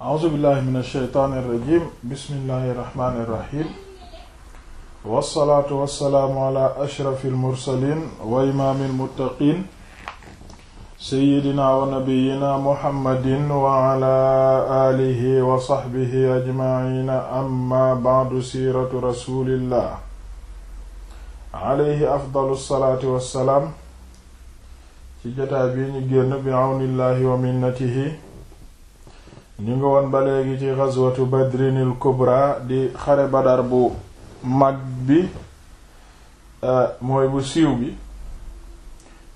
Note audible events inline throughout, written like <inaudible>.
a'uuzu billahi min alsheytaani irrajim bismillahi irrahmani irrahim wassalaatu wassalaamu ala ashrafi almursalin wa imaami almuttaqin seyidina wa nabiyina muhammadin wa ala alihi wa saxbihi ajmaina amma ba'du siiratu rasulillah alayhi afdalu salaati wassalaam ci jataa bii ñu génn bi awnillahi wa minnatihi ñu ngi woon ba léegi ci ghazwatu badrinil kubra di xare badar bu mag bi euh, mooy bu siiw bi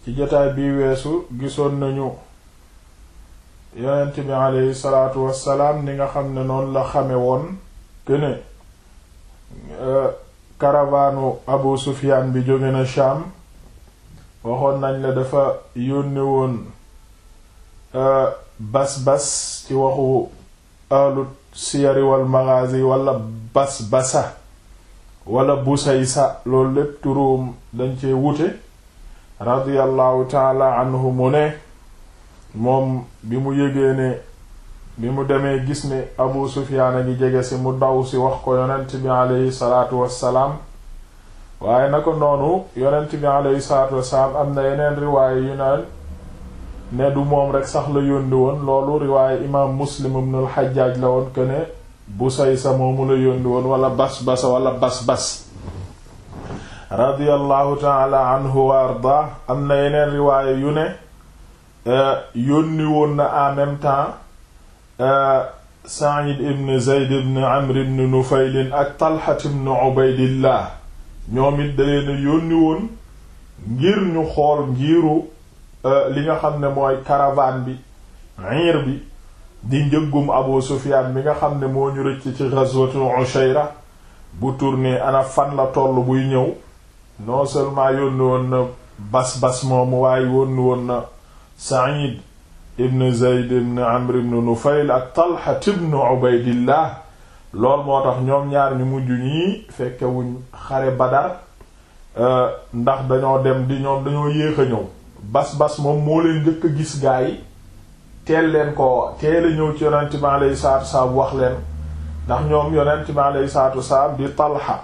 ci jotaay bi weesu gisoon nañu yonent bi aleyhi salaatu wassalaam ni nga xam ne noonu la xame woon këne euh, abu sufiyaan bi jóge na Sham waxoon nañ la dafa yónne woon euh, bas-bas ci waxu ahlu siyari wal maghazi wala bas-basa wala busaysa loolu lépp turuum dañ cee wute radiyallahu taala anhu mu ne moom bi mu yégee ne bi mu demee gis ni abu sufiyaan a ngi jege si mu daw si wax ko yonent bi aleyhi salaatu wassalaam waaye na ko noonu yonent bi aleyhi salaatu wassalaam am na yeneen riwaaye yu naan ne du moom rek sax la yónni woon loolu riwaaye imaam muslim ibn al la woon que ne Busaysa moomu la yónni woon wala Basbasa wala Basbas radiyallahu taala anhu wa arda am na yeneen riwaaye yu ne eh, yónni woon na en même temps eh, Sa'id ibn Zayd ibn Amr ibn Nufayl ak Talha ibn Ubaydillah ñoom it da leen yónni woon ngir ñu xool ngiru Euh, li nga xam ne mooy caravane bi ir bi di njëggum Abu Sufyaan bi nga xam ne moo ñu rëcc ci ghazwatu Ushayra bu tourné ana fan la toll buy ñëw noo seulement yónni woon na bas-bas moomu waaye yónni woon na Sa'id ibn Zayd ibn Amr ibn Nufayl ak Talha ibn Ubaydillah lool moo tax ñoom ñaar ñu mujj ñii fekkewuñ xare Badar euh, ndax dañoo dem di ñoom dañoo yéex a ñëw bas-bas moom moo leen njëkk a gis gaa yi teel leen ko teel a ñëw ci yonent bi alayhi salaatu wasalaam wax leen ndax ñoom yonent bi alayhi salaatu di Talha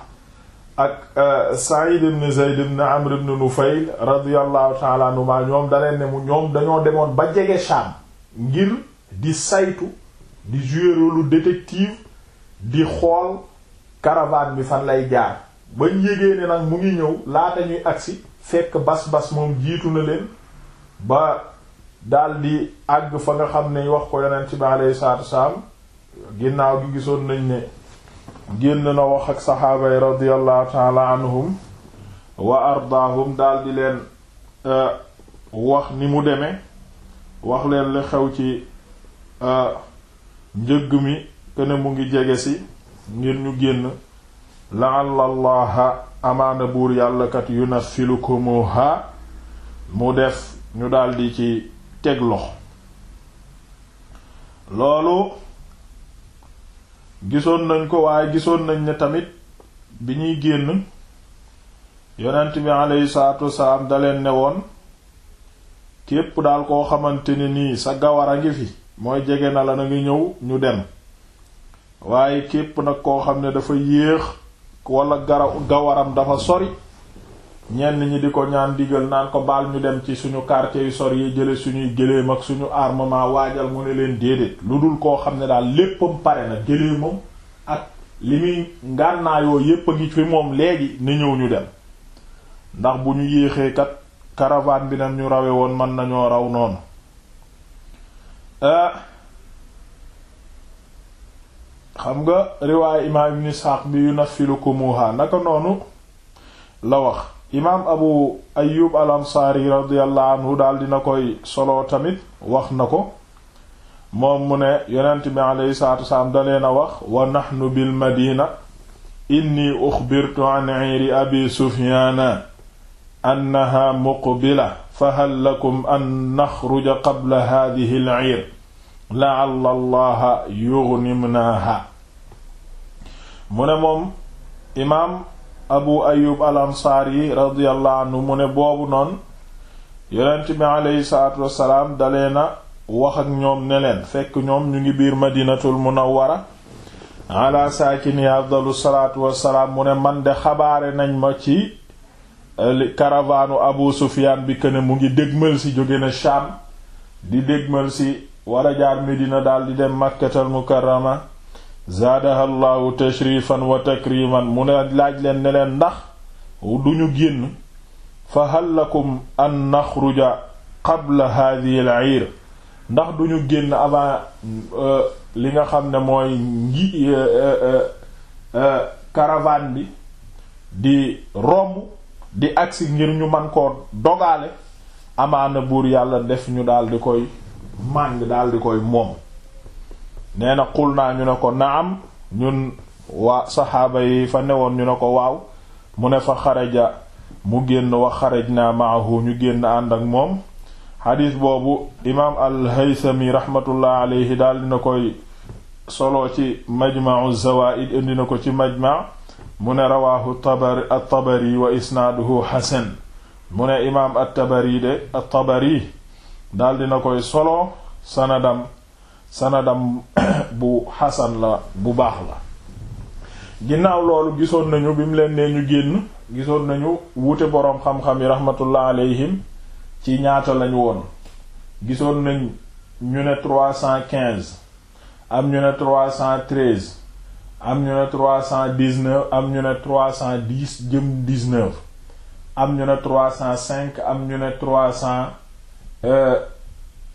ak euh, Sa'id ibn Zayd ibn Amr ibn Nufayl radiyallahu ta'ala anhuma ñoom da ne mu ñoom dañoo demoon ba jege Sham ngir di saytu di jouer rôle détective di xool caravane bi fan lay jaar bañ yégee nag mu ngi ñëw laata ñuy agsi fekk bas-bas moom jiitu na leen ba daldi àgg fa nga xam ne wax ko yonent bi alayhi salaatu wasalaam ginnaaw gi gisoon nañ ne génn na wax ak saxaaba yi radiyallahu taala anhum wa ardaahum daldi leen euh, wax ni mu demee wax leen li xew ci euh, njëgg mi kene mu ngi jege si ngir ñu génn la allaha amaana buur yàllakat yu na yunaffilukumuha mu def ñu daldi ci teg loxo loolu gisoon nañ ko waaye gisoon nañ ne tamit bi ñuy génn yonent bi aleyhi salaatu wasalaam daleen ne woon képp daal koo xamante ne nii sa gawara gi fi mooy jege na la na ngi ñëw ñu dem waaye képp nag koo xam ne dafa yéex wala gara gawaram dafa sori ñenn ñi di ko ñaan digal naan ko baal ñu dem ci suñu quartier yu sori yi jële suñuy gëléem ak suñu armement waajal mu ne leen déedéet lu dul koo xam ne daal léppam pare na gëléemam ak li muy ngànnaayoo yépp a ngi fi moom léegi ni ñëw ñu dem ndax bu ñu yéexee kat caravane bi nam ñu rawe woon mën nañoo raw noonu euh, xam nga riwaaya imaam ibn Isxaaq bi yunafilukumuha naka noonu la wax imaam abu ayub al ansaari radiyallahu anhu daal dina koy solo tamit wax na ko moom mu ne yonent bi aleyhi salaatu wasalaam dalee na wax wa nahnu bil inni uxbirtu an iiri abi sufyaana annaha muqbila fa hal lakum an naxruja qabla haadihi al iir la'alla allaha yughnimnaha mu ne moom imaam abu ayub al ansaari radiyallahu mu ne boobu noon yonent bi aleyhi salaatu wassalaam dalee na wax ak ñoom ne leen fekk ñoom ñu ngi biir madinatul munawwara ala saakini afdalu salaatu wassalaam mu ne man de xabaare nañ ma ci karavaanu abu sufiyaan bi këne mu ngi dégmal si jóge na Shaam di dégmal si wala jaar Medina daldi dem Makkatal Mukarrama zaadaha llaahu tashrifan wa takriman mu ne laaj leen ne ndax duñu génn fa hal lakum an naxruja qabla hadhihi al-ayr ndax duñu génn avant euh, li nga xam ne mooy ngi euh, euh, caravane bi di romb di agsi ngir ñu man koo dogaale amaana buur yàlla def ñu daldi koy màng daal di koy moom nee na xul naa ñu ne ko naam ñun waa saxaaba yi fa newoon ñu ne ko waaw mu ne fa xaraja mu génn wax xaraj naa maahu ñu génn ànd ak moom xadiis boobu imaam al-Haythami rahmatullah alayhi daal dina koy solo ci majmau zawaid indi na ko ci majma mu ne rawaahu tabari at-Tabari wa isnaaduhu xasan mu ne imaam at-Tabari de at-Tabari daldi na koy solo sanadam sanadam <coughs> bu xasan la bu baax la ginnaaw loolu gisoon nañu bi mu leen nee ñu génn gisoon nañu wuute boroom xam-xam yi rahmatullah alayhim ci ñaata lañu woon gisoon nañ ñu ne am ñu ne am ñu ne am ñu ne trois cent dix jëm am ñu ne trois am ñu Euh,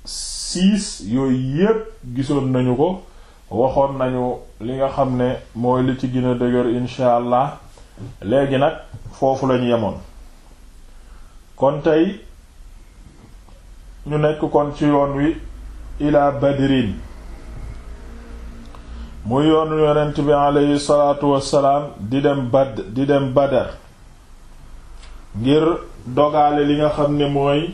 six yooyu yépp gisoon nañu ko waxoon nañu li nga xam ne mooy li ci gina a dëgër incha allah léegi nag foofu lañu yemoon kon tey ñu nekk kon ci yoon wi ila badrin muy yoonu yonent bi aleyhi salaatu wassalaam di dem bad di dem badar ngir dogaale li nga xam ne mooy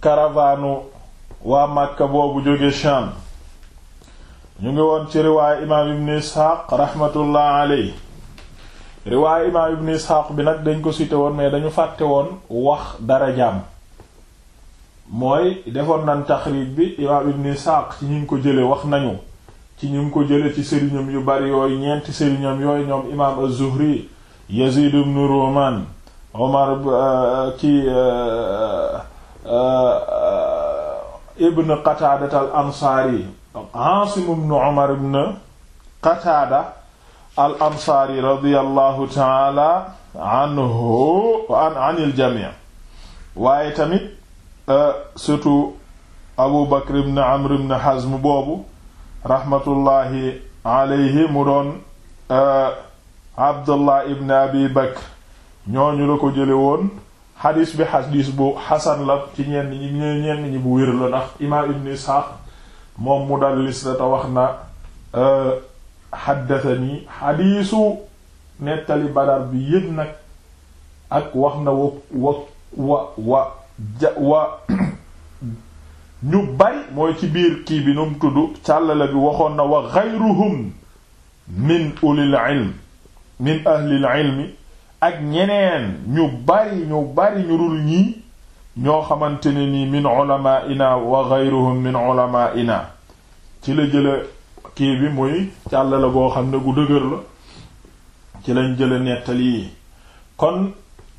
karavaanu euh, waa Makka boobu jóge Sham ñu ngi woon ci riwaay imaam ibn Isxaaq raxmatullah aley riwaay imaam ibn Isxaaq bi nag dañ ko cité woon mais dañu fàtte woon wax dara jaam mooy defoon nañ taxriij bi imaam ibn Isxaaq ci ñu ngi ko jële wax nañu ci ñu ngi ko jële ci sëriñam yu bari yooyu ñeenti sëriñam yooyu ñoom imaam az Yazid ibn Ruman Omar uh, ki uh, uh, ibn Qataada al Ansaari Aasim ibn Omar ibn Qataada al Ansaari radiyallahu taala anhu an anil jamii waaye tamit surtout Abu Bakr ibn Amr ibn Hazm boobu rahmatullahi alayhi mu doon. abdullah ibn abi bakr ñu la ko jële woon xadis bi xadis bu xasan la ci ñenn ñi bu wér la ndax imaam ibn isxaaq moom mudallis la te wax na xaddatani euh, xadiisu nettali badar bi yëpp nag ak wax na wa wa wa ja wa ñu bari mooy ci biir kii bi nu mu tudd càllale bi waxoon na wa xayruhum min ulil ilm min ahlil ilmi ak ñeneen ñu bari ñu bari ñu dul ñii ñoo xamante ne nii min ulamaina wa geyruhum min ulamaina ci la jële kii bi muy càll la boo xam ne gu dëgër la ci lañ jële nettali yi kon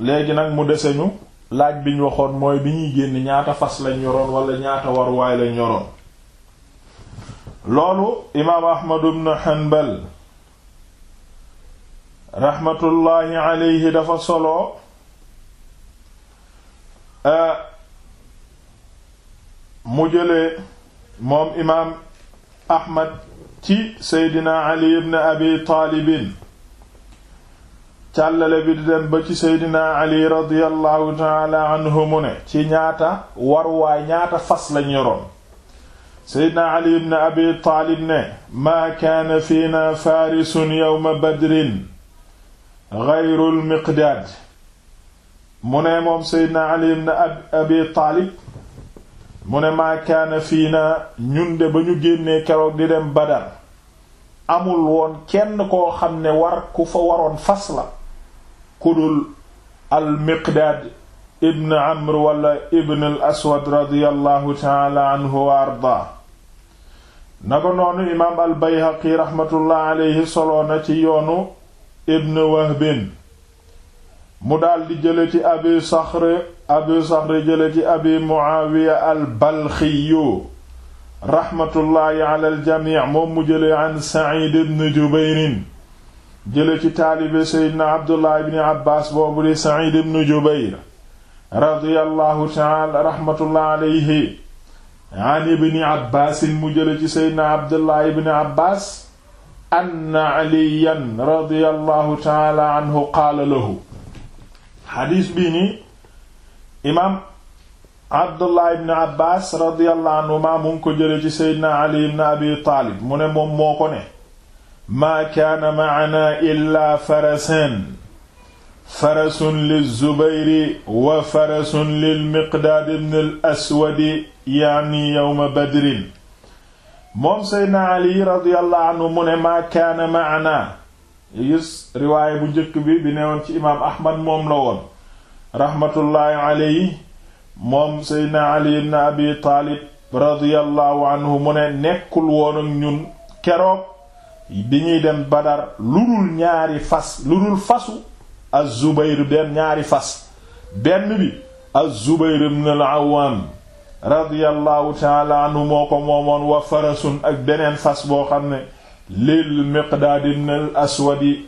léegi nag mu dese ñu laaj bi ñu waxoon mooy bi ñuy génn ñaata fas lañ yoroon wala ñaata waruwaay lañ yoroon loolu imaam ahmadu ibn hanbal raxmatullaahi alayhi dafa solo mu jëlee moom imaam ahmad ci seydina ali ibn abi taalibin càllale bi di dem ci seydina ali radiyallahu taala anhu ne ci ñaata war ñaata fas lañ yoroon seydina ali ibn abi taalib ne kaana fiina faarisun yawma badrin xayrul miqdaad mu ne moom seydna ali ibn abi taalib mu ne maa kaana fii na ñun de ba ñu génnee keroog di dem badar amul woon kenn koo xam ne war ku fa waroon fas la kudul al miqdaad ibn amr wala ibn al aswad radiallahu taala anhu wa ardaa na ko noonu imaam al bayhaqi raxmatullah aleyhi soloona ci yoonu ibn wahbin mu daldi jële ci abi saxr abi saxr jële ci abi muawiya al balxiyu raxmatullaahi ala aljamic moom mu jële an sacid ibn jubayrin jële ci taalibe seydna abdullah ibn di sacid ibn jubayr radiyallahu taala raxmatullaahi alayhi an ibni abbaasin mu jële ci seydna abdullah ibn abbas anna aliyan radiyallahu taala anhu qaala lahu xadiis bii nii imaam abdullah ibn abbas radiyallahu anhuma mu ngi ko jële ci seydina ali ibn abi taalib mu ne moom moo ko ne maa kaana maana illaa faraseen farasun lizubayri wa farasun lilmiqdaad ibn al aswadi yaani yawma badrin moom seydna ali radiyallahu anhu mu ne maa kaana maana gis riwaayé bu njëkk bi bi newoon ci imaam ahmad moom la woon rahmatullaahi aleyhi moom seydna ali ibn abi taalib radiyallahu anhu mu ne nekkul woon ak ñun keroog bi ñuy dem badar lu dul ñaari fas lu dul fasu az benn bi az-zubayr ibn radiyallahu taala anhu moo ko moomoon wa farasun ak beneen fas boo xam ne lil miqdaad ibn al aswad yi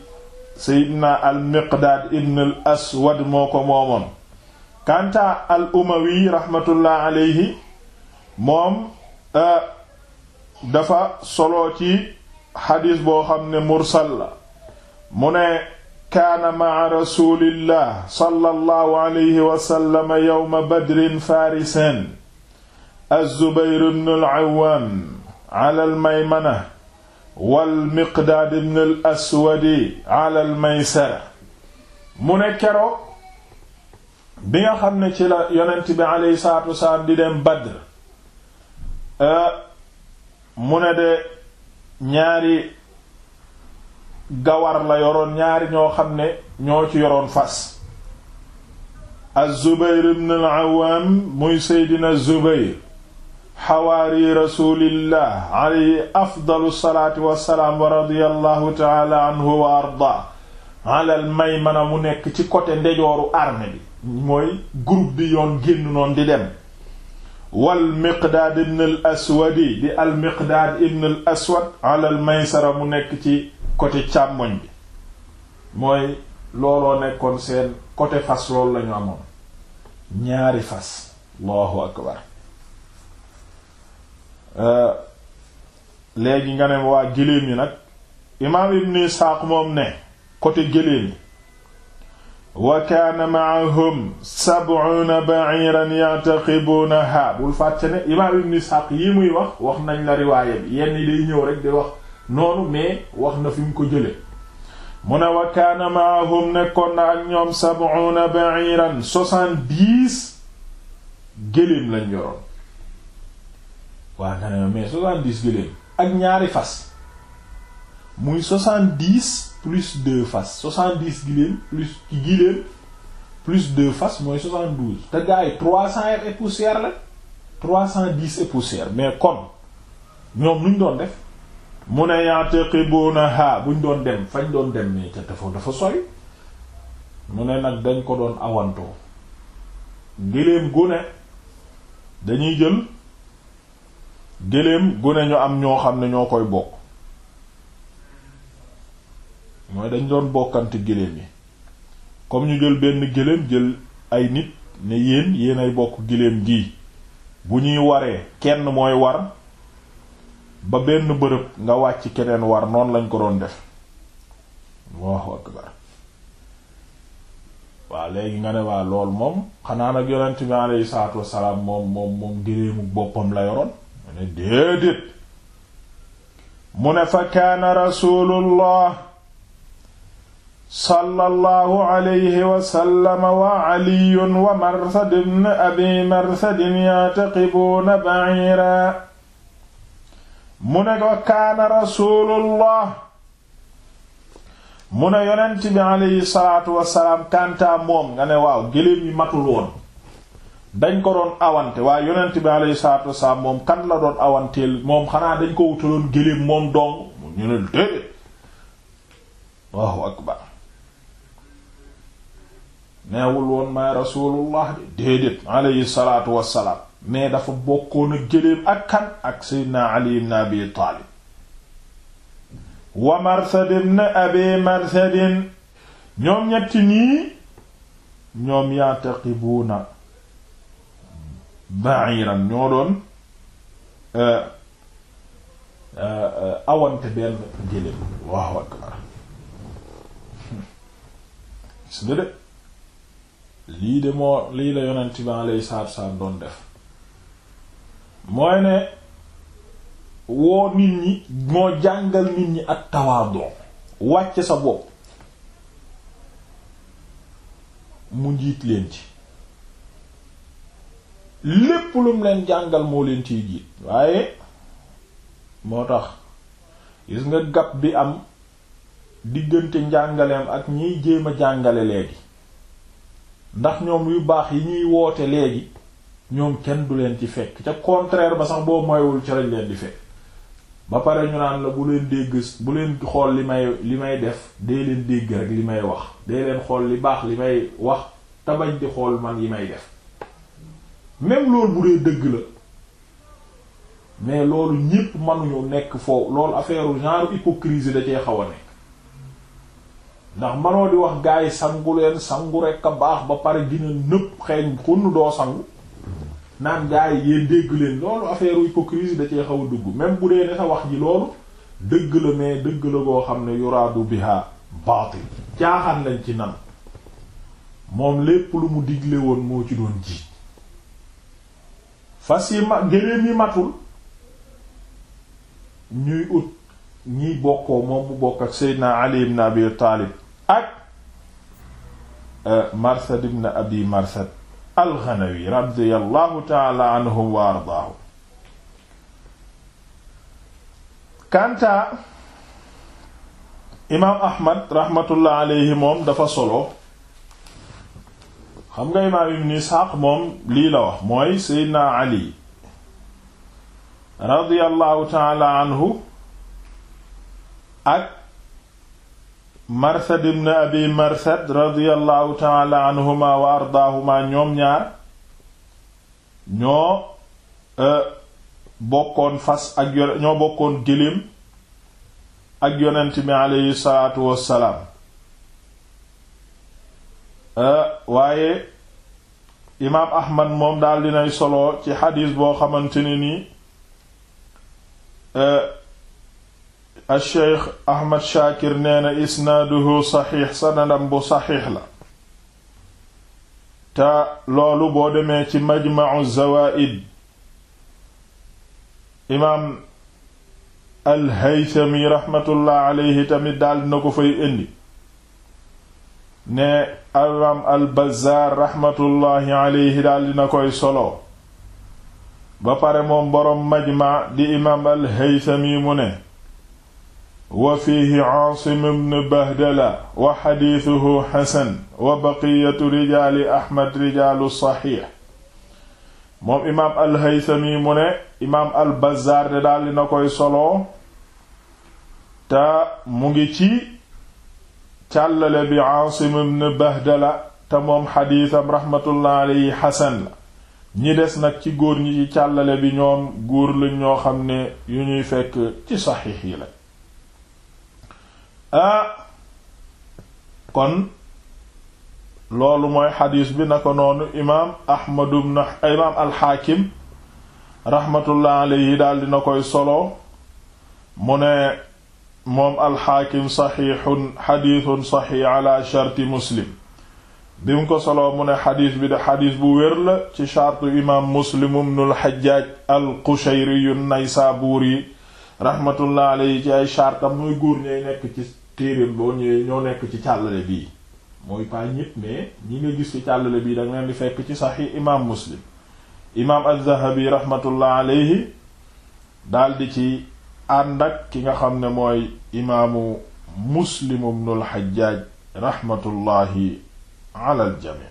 seydina al miqdaad ibn al aswad moo ko moomoon kanta al umawi rahmatullah alayhi moom euh, dafa solo ci xadis boo xam ne mursal la mu ne kaana maa rasulillah sallallahu alayhi wa sallam yawma badrin farisen az-Zubayr ibn al-Awwam ala al-maymana wal-Miqdaad ibn al-Aswad ala al mu ne keroog bi nga xam ne ci la yonent bi aleyhi salaatu wasalaam di dem Badr euh, mu ne de ñaari gawar la yoroon ñaari ñoo xam ne ñoo ci yoroon fas az-Zubayr ibn al-Awwam muy Seydina Zubayr xawaari rasulillah alayhi afdalu salaatu wassalaam wa radiyallahu taala anhu wa arda alal maymana mu nekk ci côté ndejooru arme bi mooy groupe bi yoon génn noon di dem wal miqdaad ibn al aswadi di al miqdaad ibn al aswad alal maysara mu nekk ci côté càmmoñ bi mooy looloo nekkoon seen côté fas loolu lañu amoon ñaari fas allahu akbar Euh, léegi nga ne waa géléem yi nag imaam ibn Isaaq moom ne côté géléem yi wa kaana maahum sab'una ba'iran ya'taqibunaha bul fàtte ne imaam ibn Isaaq yi muy wax wax nañ la riwaaya bi yenn yi ñëw rek di wax noonu mais wax na fi mu ko jële mu ne wa kaana maahum nekkoon na ak ñoom sab'una ba'iran soixante-dix géléem lañ yoroon waa mais soixante-dix gëléem ak ñaari fas muy soixante-dix plus de fas soixante-dix gëléem plus ci plus deux fas mooy soixante-douze te gars yi trois cent et poussière la trois cent dix et poussière mais kon ñoom nuñ doon def mu ne bu buñ doon dem fañ doon dem mais ca dafa dafa soy mu ne nag dañ ko doon awantoo gëléem gu ne dañuy jël gëléem gu ñu am ñoo xam ne ñoo koy bokk mooy dañ doon bokkante gëléem yi comme ñu jël benn gëléem jël ay nit ne yéen yéen ay bokk gëléem gi bu ñuy waree kenn mooy war ba benn bërëb nga wàcc keneen war noon lañ ko doon def Allahu akbar waaw léegi nga ne waa lool moom xanaa nag yonent bi alayhi salaatu wassalaam moom moom moom gëléemu boppam la yoroon mu ne fa kaana rasulullah sallallahu alayhi wasallam wa caliyun wa marsad ibn abi marsadin yactaqibuuna baciira mu ne fa kaana rasulullah mu ne yonent bi aleyhi salaatu wasalaam moom nga ne waaw géléem yi matul dañ ko doon awante waaye yonent bi alayhi salaatu wasalaam moom kan la doon awanteel moom xanaa dañ ko wutaloon géléem moom dong mu ñu ne déedéet Allahu akbar neewul woon maay rasulullah de déedéet alayhi salaatu wasalaam mais dafa bokkoon a géléem ak kan ak seydina ali ibn abi taalib wa marsad abi marsadin ñoom ñetti nii ñoom yaataqibuuna ba'iran ñoo doon euh, euh, awante benn géléem waaw akbar gis nga de lii de moo lii la yonent bi alayhi salaatu salaam doon def mooy ne woo nit ñi moo jàngal nit ñi ak tawaadu wàcce sa bopp mu njiit leen ci lépp lu mu leen jàngal moo leen ciy jiit waaye moo tax gis nga gap bi am diggante njàngaleem ak ñiy jéem a jàngale léegi ndax ñoom yu baax yi ñuy woote léegi ñoom kenn du leen ci fekk ca contraire ba sax boo moywul ca leen di fekk ba pare ñu naan la bu leen dégg bu leen xool li may li may def dee leen dégg rek li may wax dee leen xool li baax li may wax tabañ di xool man yi may def même loolu bu dee dëgg la mais loolu ñépp mënuñu nekk foofu loolu affaire genre hypocrisie da cee xaw a nekk ndax manoo di wax gars yi sangu leen sangu rekk a baax ba pare dina nëpp xeeñ xunn doo sangu naan gars yi yéen dégg leen loolu affaire hypocrisie da cee xaw a dugg même bu dee ne sa wax ji loolu dëgg la mais dëgg la goo xam ne yuraadu biha baatil caaxaan lañ ci nan moom lépp lu mu digle woon moo ci doon ji fas yi ma géléem yi matul ñuy ut ñiy bokkoo moom mu bokk ak Seydina Ali ibn Abi Taalib ak euh, Marsad ibn Abi Marsad al-Ghanawi ta'ala anhum wa ardaahu kanta imaam Ahmad rahmatullah alayhi moom dafa solo xam nga imaam ibn Isxaaq moom lii la wax mooy Seydina Ali radiyallahu taala anhu ak Marsad ibn Abi Marsad radiyallahu taala anhuma wa ardaahuma ñoom ñaar ñoo euh, bokkoon fas ak ñoo bokkoon gëléem ak yonent bi aleyhi salaatu wassalaam Eh, waaye imaam ahmad moom daal dinay solo ci xadiis boo xamante ni nii eh, acheikh ahmad shaakir nee na isnaaduhu saxiix sanadam bu saxiix la te loolu boo demee ci majmau zawaid imaam alhaythami raxmatullah aleyhi tamit daal dina ko fay indi ne alimam albazar raxmatullaahi aleyhi daal koy solo ba pare moom boroom majma di imaam alhaytami mu ne wa fiihi aasim ibn bahdala wa xadiisuhu xasan wa baqiyatu rijaali ahmad rijaalu saxiix moom imaam alhaytami mu ne imaam albazar de daal dina koy solo te mu ngi ci càllale bi Aasim ibn Bahdala te moom xadiisam raxmatullah alayhi xasan la ñi des nag ci góor ñi ci càllale bi ñoom góor lañ ñoo xam ne yu ñuy fekk ci saxiix yi la ah kon loolu mooy xadiis bi na ko noonu imaam Ahmad ibn imaam alxaakim raxmatullah alayhi daal koy solo mu ne moom alxaakim saxiixun xadiisun saxiix ala sharti muslim bi mu ko solo mu ne xadiis bi de xadiis bu wér la ci shartu imaam muslim ibnul xajjaaj al qushayriyu naysaabuuri raxmatullah alayhi ci ay shartam muy góor ñooy nekk ci téeréem boo ñëwee ñoo nekk ci càllale bii mooy pas ñépp mais ñi nga gis ci càllale bii danga leen di fekk ci saxiix imaam muslim imaam al dhahabi raxmatullah alayhi daldi ci ànd ak ki nga xam ne mooy imaamu muslim ibnul xajjaaj raxmatullaahi alal jami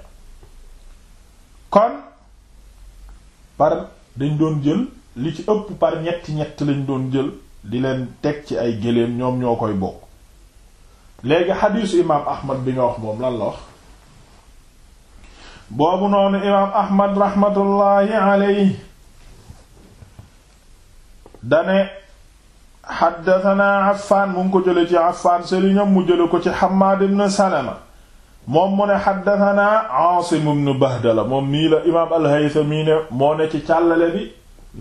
kon par dañ doon jël li ci ëpp par lañ doon jël di leen teg ci ay géléem ñoom ñoo koy bokk léegi xadiisu bi nga wax raxmatullaahi alay dane xaddatanaa Affaan mu ngi ko jële ci Affaan sëriñam mu jële ko ci Hammaad ibn Salama moom mu ne xaddatanaa Aasim ibn Bahdala moom nii la imaam al-Haythami ne moo ne ci càllale bi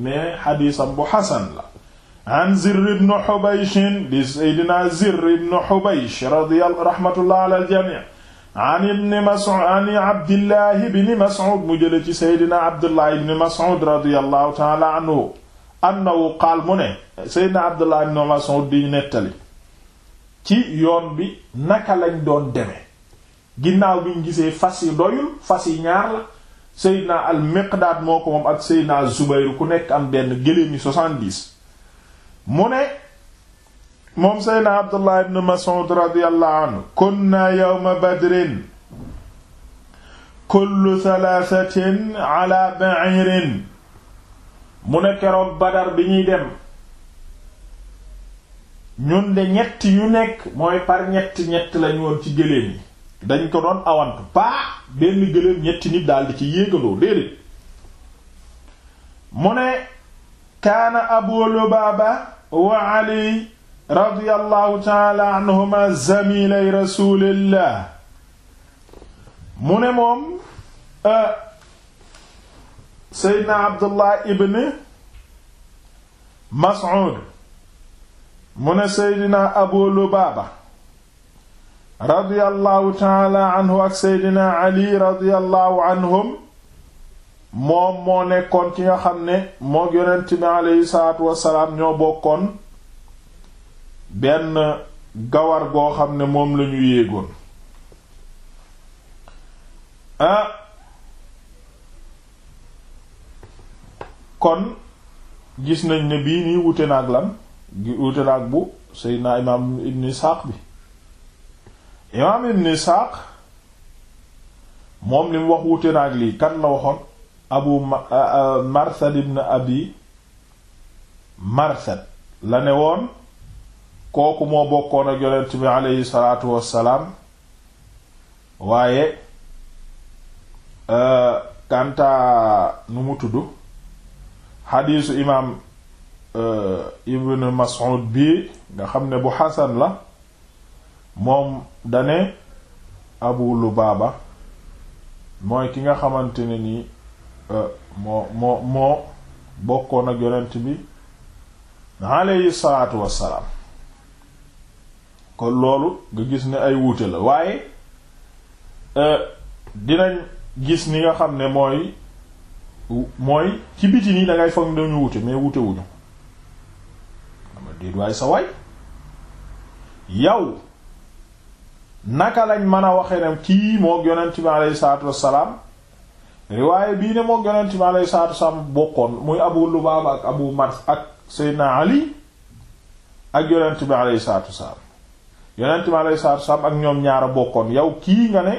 mais xadiisam bu xasan la an Zirr ibn Hubaysh di Seydina Zirr ibn Hubaysh radiyallahu rahmatullah ala al-jamii an ibni Mas'ud an Abdillahi ibn Mas'ud mu jële ci Seydina Abdullah ibn Mas'ud radiyallahu ta'ala anhu annahu qaal mu ne seydna abdullah ibn Mas'ud di nettali ci yoon bi naka lañ doon deme ginnaaw bi ñu gisee fas yi doyul fas yi ñaar la seydna al miqdaad moo ko moom ak seydna zubayru ku nekk am benn géléem yi mu ne moom seydna abdullah ibn Mas'ud radiyallahu anhu kunna yawma badrin kullu thalathatin ala ba'irin mu ne keroog badar bi ñuy dem ñun de ñett yu nekk mooy par ñett ñett lañu woon ci gëléem yi dañ ko doon awantu paa benn gëléem ñetti nit daldi ci yéegaloo déedéet mu ne kaana abu lubaaba wa ali radiyallahu taala anhuma zamilay rasulillah mu ne moom euh, seydna abdullah ibn mas'ud mu ne seydna abu lubaaba radiyallahu taala anhu ak seydna ali radiyallahu anhum moom moo nekkoon ki nga xam ne moo yonent bi aleyhi salaatu wasalaam ñoo bokkoon benn gawar goo xam ne moom lañu yéegoon ah, kon gis nañ ne bii nii wute naag lan wute naag bu seydna imaam ibn isxaaq bi imaam ibn isxaaq moom li mu wax wute naag lii kan na waxoon abu marsad ibn abi marsad la ne woon kooku moo bokkoon ak yonent bi aleyhi salaatu wassalaam waaye euh, kantaa nu mu tudd xadiisu imaam euh, ibn Mas'ud bii nga xam ne bu xasan la moom dane Abu lu baaba mooy ki nga xamante ne nii euh, moo moo moo bokkoon a yonent bi aleyhi salaatu wassalaam kon loolu nga gis ni ay wuute la waaye euh, dinañ gis ni nga xam ne mooy mooy ci biti nii da ngay foog dañu wute mais wute wuñu dama déet sa waay yow naka lañ mën a waxe ne kii moo yonent bi aleyhi salaatu salaam riwaaye bii ne mook yonent bi aleyhi salaatu wassalaam bokkoon muy abu lubaaba ak abu mars ak seydna ali ak yonent bi aleyhi salaatu wassalaam yonent bi aleyhi salaatu wassalaam ak ñoom ñaara bokkoon yow kii nga ne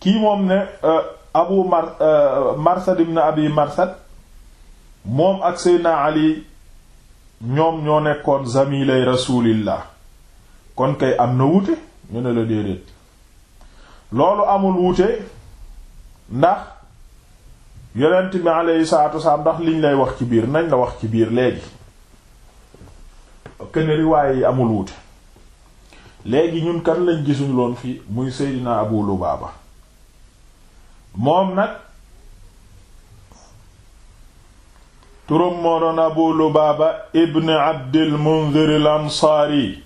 kii moom ne euh, abu mar euh, marsad ibn abi marsad moom ak seydna ali ñoom ñoo nekkoon zamilay rasulillah kon kay am na wuute ñu ne la déedéet loolu amul wuute ndax yonent bi aleyhi salatu wasalaam ndax liñ lay wax ci biir nañ la wax ci biir léegi kenn riwaaye yi amul wuute léegi ñun kan lañ gisuñu loon fii muy seydina abu lubaaba moom nag turam moo doon abu lubaaba ibn abdil munzir ansaari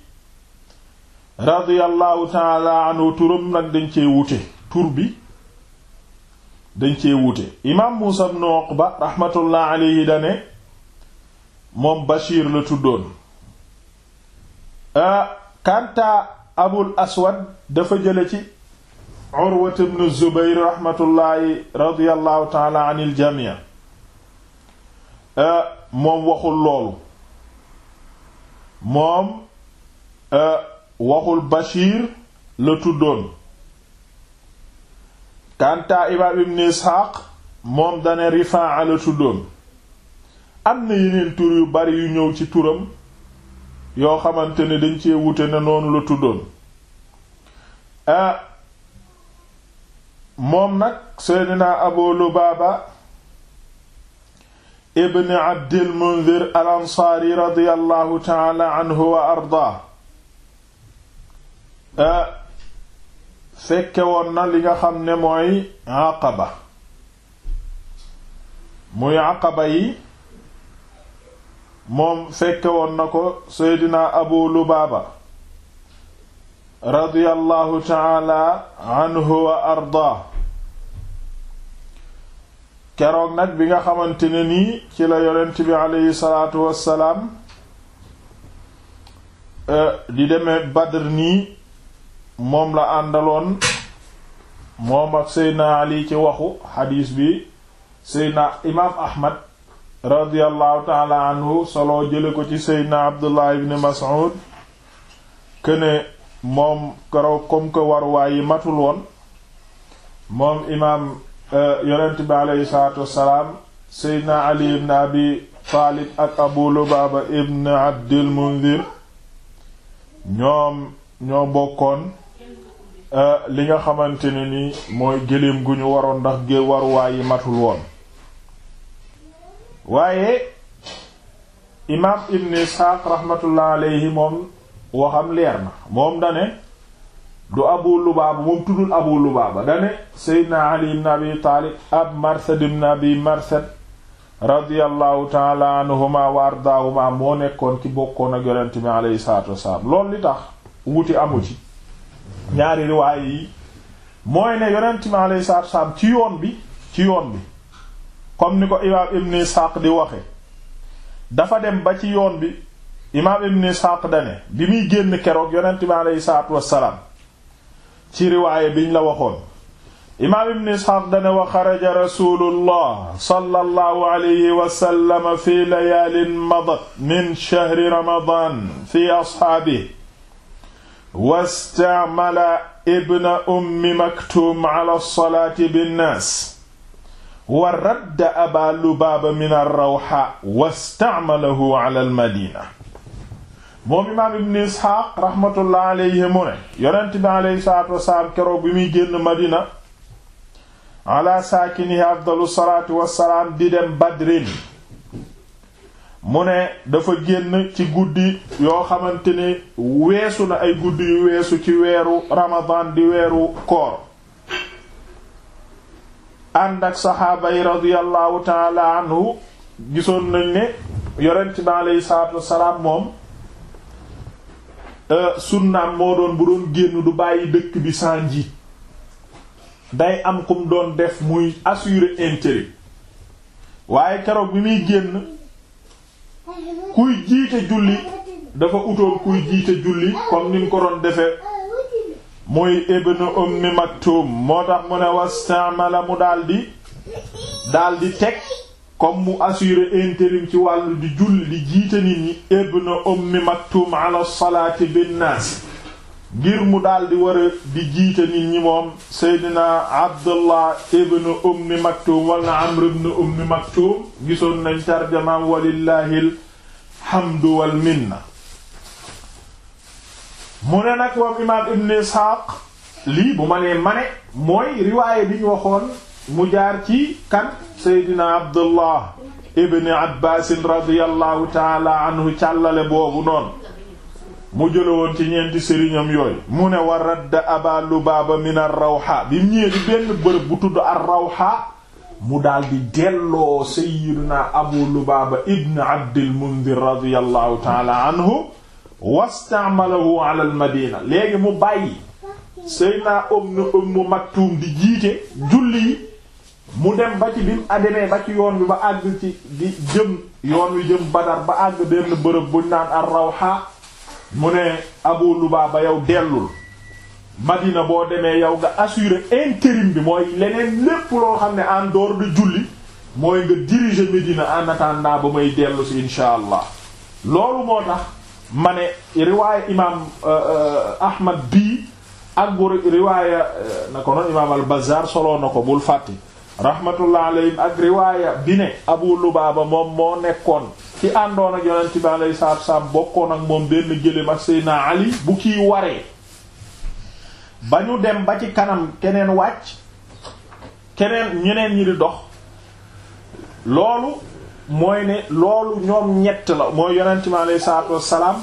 radiyallahu taala anhu turam nag dañ wute tur bi dañ cee wute imaam muusa ibn uqba raxmatullah alayhi dane moom bashir la tuddoon ah, kanta abul aswad dafa jële ci Urwat ibn Zubayr rahmatullahi radiyallahu taala anil jamii eh, moom waxul loolu eh, la tuddoon kanta imaam ibn Isxaaq am na yeneen tur yu bari yu ñëw ci turam yoo xamante ne dañ cee wute ne noonu la tuddoon eh, moom nag seydina abu lubaaba ibn abdil mundir al ansaari radiallahu taala anhu wa eh, fekke woon na li nga xam ne mooy àqaba muy àqaba yi moom fekke woon na ko seydina abu lubaaba radiyallahu taala anhu wa ardaa keroog nag bi nga xamante ne nii ci la yonent bi aleyhi salaatu wassalaam e, di demee Badr nii moom la àndaloon moom ak seydna ali ci waxu xadiis bi seydna imaam ahmad radiallahu taala anhu solo jële ko ci seydna abdullah ibn mas'ud këne moom keroog comme que waruwaay yi matul woon moom imaam euh, yonent bi aleyhi salaatu wassalaam seydna ali ibn abi taalib ak abu lubaaba ibn abdil mundir ñoom ñoo bokkoon euh, li nga xamante ne ni mooy gëléem gu ñu waroon ndax gé waruwaay yi matul woon waaye imaam ibn isxaaq raxmatullah moom waxam leer na moom dane du abu lubaaba moom tuddul abu lubaaba dane seydna ali ibn taalib ab marsad ibn abi radiallahu taala anhuma wa ardaahuma moo nekkoon ci bokkoon ak yonent mi aleyhi salaatu wasalaam li tax wuti amu ci ñaari riwaay yi mooy ne yonent mi aleyhi salaatu ci yoon bi ci yoon bi comme ni ko imaam ibn Isxaaq di waxe dafa dem ba ci yoon bi imaam ibn Isxaaq dane bi muy génn keroog yonent bi aleyhi salaatu wassalaam ci riwaaye biñ la waxoon imaam ibn Isxaaq dane wa xaraja rasuulullah sallallahu alayhi wasallam fi layaalin madat min shahri ramadan fi asxaabihi wastaamala ibna ummi maktuum ala salaati binnaas wa radda aba lubaaba min arrawxa wastamalahu ala almadina moom imaam ibn isxaaq rahmatullah alayhi mu ne yonent bi alayhi salaatu wasalaam keroog bi muy génn madina ala saakinihi afdalu salaatu wasalaam di dem badrin mu ne dafa génn ci guddi yoo xamante ni weesu na ay guddi yu weesu ci weeru ramadan di weeru koor ànd ak saxaaba yi radiyallahu taala anhu gisoon nañ ne yonent bi alayhi salaatu wasalaam moom Euh, sunnaam moo doon bu doon génn du bàyyi dëkk bi sans njiit day am kum doon def muy assurer intérêt waaye keroog bi muy génn kuy jiite julli dafa utoon kuy jiite julli comme ni mu ko doon defe muy ibnu ummi maktum moo tax mu ne wastamala mu daldi daldi teg comme mu assurer intérim ci wàllu di julli di jiite nit ñi ibn ummi maktum ala salaati binnaas ngir mu daldi war di jiite nit ñi moom seydina abdullah ibn ummi maktum wala amr ibn ummi maktum gisoon nañ tarjamaam walillahi alhamdu wal mu ne nag moom imaam ibn isxaaq lii bu ma nee mooy riwaaye bi ñu waxoon mu jaar ci kan Seydina Abdullah ibn Abbas radiyallahu taala anhu càllale boobu noon mu jële woon ci ñeenti sëriñam yooyu mu ne wa radd aba lubaaba min ar-rawha bi ñëwee benn bërëb bu tudd ar-rawha mu daal di delloo Seydina Abu Lubaaba ibn Abdil Mundir radiyallahu taala anhu wasta'malahu ala al-Madina léegi mu bàyyi Seydina Ummu Ummu Maktum di jiite julli mu dem ba ci bi mu ademee ba ci yoon wi ba àgg ci di jëm yoon wi jëm Badar ba àgg benn bërëb bu naan ar-Rawha mu ne Abu ba yow dellul Madina boo demee yow nga assurer intérim bi mooy leneen lépp loo xam ne en dehors de julli mooy nga diriger Médina en attendant ba may dellu si insha allah loolu moo tax ma ne riwaaya imaam euh, euh, Ahmad bii ak bu riwaaya euh, na ko noonu imaam al-Bazzaar na ko bul fàtti rahmatullah alayhim ak riwaaya bi ne abu lubaaba moom moo nekkoon ci àndoon ak yonent bi alayhi salaatu wasalaam bokkoon ak moom benn gëléem ak Seydina Ali bu kiy waree ba ñu dem ba ci kanam keneen wàcc keneen ñeneen ñi di dox loolu mooy ne loolu ñoom ñett la mooy yonent bi alayhi salaatu wasalaam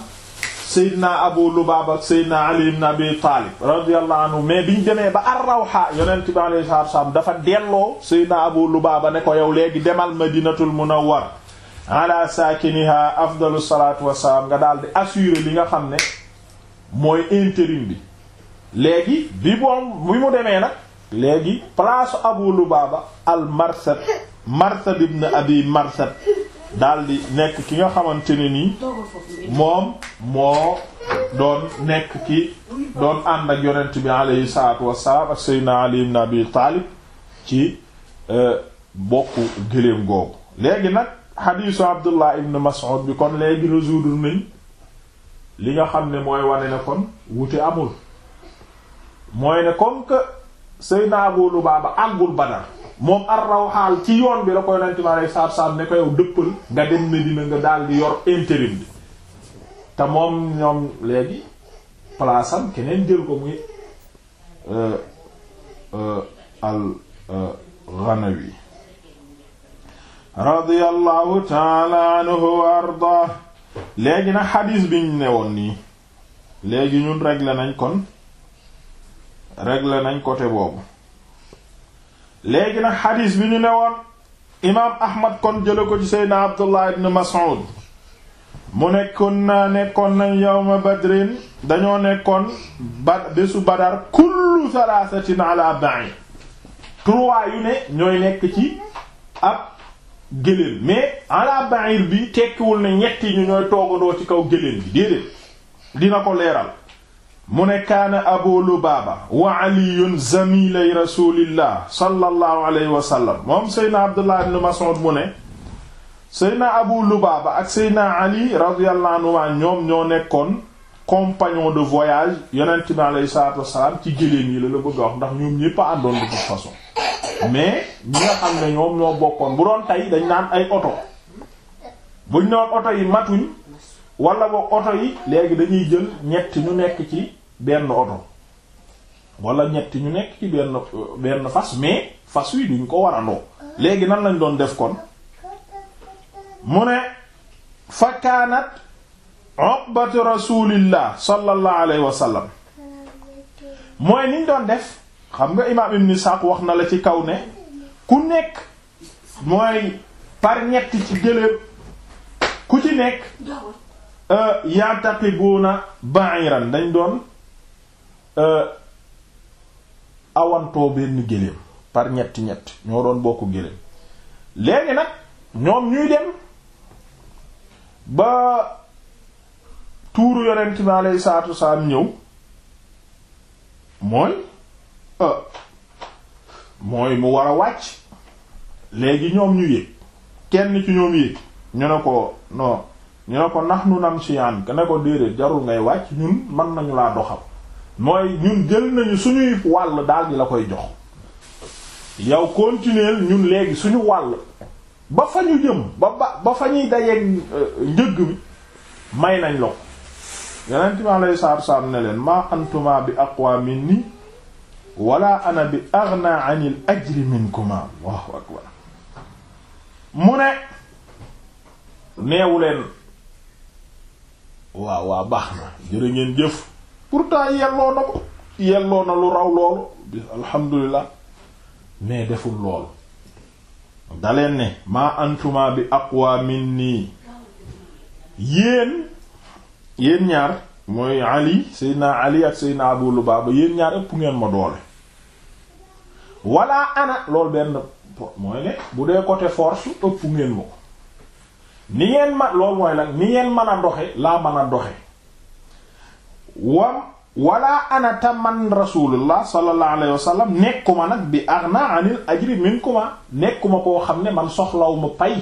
Seydina Abu Lubaaba ak Seydina Ali ibn Abi Taalib radiyallahu anhu mais biñ demee ba ar-Rawha yonent bi alayhi salaatu salaam dafa delloo Seydina Abu Lubaaba ne ko yow léegi demal Madinatul Munawwara ala saakiniha afdalu salaatu wa nga daal di assurer li nga xam ne mooy intérim bi léegi bi moom bi mu demee na léegi place Abu Lubaaba al-Marsad Marsad ibn Abi Marsad daldi nekk ki nga xamante ne nii moom moo doon nekk ki doon ànd ak yonent bi alayhi salaatu wassalaam ak Seydina Ali ibn Abi Taalib ci e, bokku gëléem googu léegi nag xadiisu Abdullah ibn Mas'ud bi kon léegi résoudre nañ li nga xam ne mooy wane ne kon wute amul mooy ne comme que Seydina Abu Lubaaba àggul Badar moom ar-Rawhal ci yoon bi la koy yonent bi alei saatu salaam ne ko yow dëppal nga dem Medina nga daal di yor intérim bi te moom ñoom léegi place am keneen jël ko muy euh, euh, al-Ghanawi euh, radiyallahu ta'ala anhu wa ardaa léegi nag xadiis biñ woon nii léegi ñun régler nañ kon régler nañ côté boobu léegi nag xadiis bi ñu ne woon imaam ahmad kon jële ko ci seydna abdullah ibn mas'ud mu nekkoon naa nekkoon nañ yawma badrin dañoo nekkoon ba bésu badar kullu thalathatin ala ba'i trois yu ne ñooy nekk ci ab gëléem mais ala bi tekkiwul ne ñetti ñu ñooy toogandoo ci kaw gëléem bi déedéet dina ko leeral mu ne kaana abu lubaaba wa aliyun zamilay rasulillah sallallahu alayhi wa sallam moom seydna abdullah ibn mas'ud mu ne seydna abu lubaaba ak seydna ali radiyallahu anhu ñoom ñoo nekkoon compagnon de voyage yonent bi alayhi salaatu wasalaam ci géléem yi la la bëgg a wax ndax ñoom ñépp àndoon de toute mais ñi xam ne ñoom ñoo bokkoon bu doon tey dañ naan ay oto buñ noon oto yi matuñ wala ba oto yi léegi dañuy jël ñett ñu nekk ci benn oto wala ñetti ñu nekk ci benn fas mais fas wi duñ ko war léegi nan lañu doon def kon mu ne fa kaanat uqbatu rasulillah sallallahu alayhi wa mooy niñ doon def xam nga imaam ibn Isaaq wax na la ci kaw ne ku nekk mooy par ñett ci gëléem ku ci nekk euh, yataqibuuna ba'iran dañ doon Euh, awantoo benn géléem par ñetti ñett ñoo doon bokk géléem léegi nag ñoom ñuy dem ba tuuru yonent bi alayhi saatu saan ñëw mooy euh, mooy mu war wàcc léegi ñoom ñu yéeg kenn ci ñoom yéeg ñu ne ko non ñu ne ko nax nu nam si yaan ne ko déedéet jarul ngay wàcc ñun mën nañu laa doxal mooy ñun jël nañu suñuy wàll daal la koy jox yow continuer ñun léegi suñu wàll ba fa ñu jëm ba ba ba fa ñuy dajeeg euh, njëgg bi may nañ la ko yeneen ma lay saar saar ne leen maa antuma bi aqwa minni wala ana bi aghna anil ajri minkuma allahu akbar mu ne neewu leen waaw waaw baax na jërë ngeen jëf pourtant yelloo na ko yelloo na lu raw loolu bi alhamdulilah mais deful loolu daleen ne maa antuma bi aqwa minni yéen yéen ñaar mooy ali seydna ali ak seydna abu lubaaba yéen ñaar ëpp ngeen ma doole wala ana loolu benn mooy ne bu dee côté force ëpp ngeen ma ko ni ngeen ma loolu mooy lan ni ngeen mën a doxe laa mën a doxe wam wala anata man rasulullah sallallahu alayhi wa sallam nekkuma nag bi aghna anil ajri minkuma nekkuma koo xam ne man soxlaw ma pay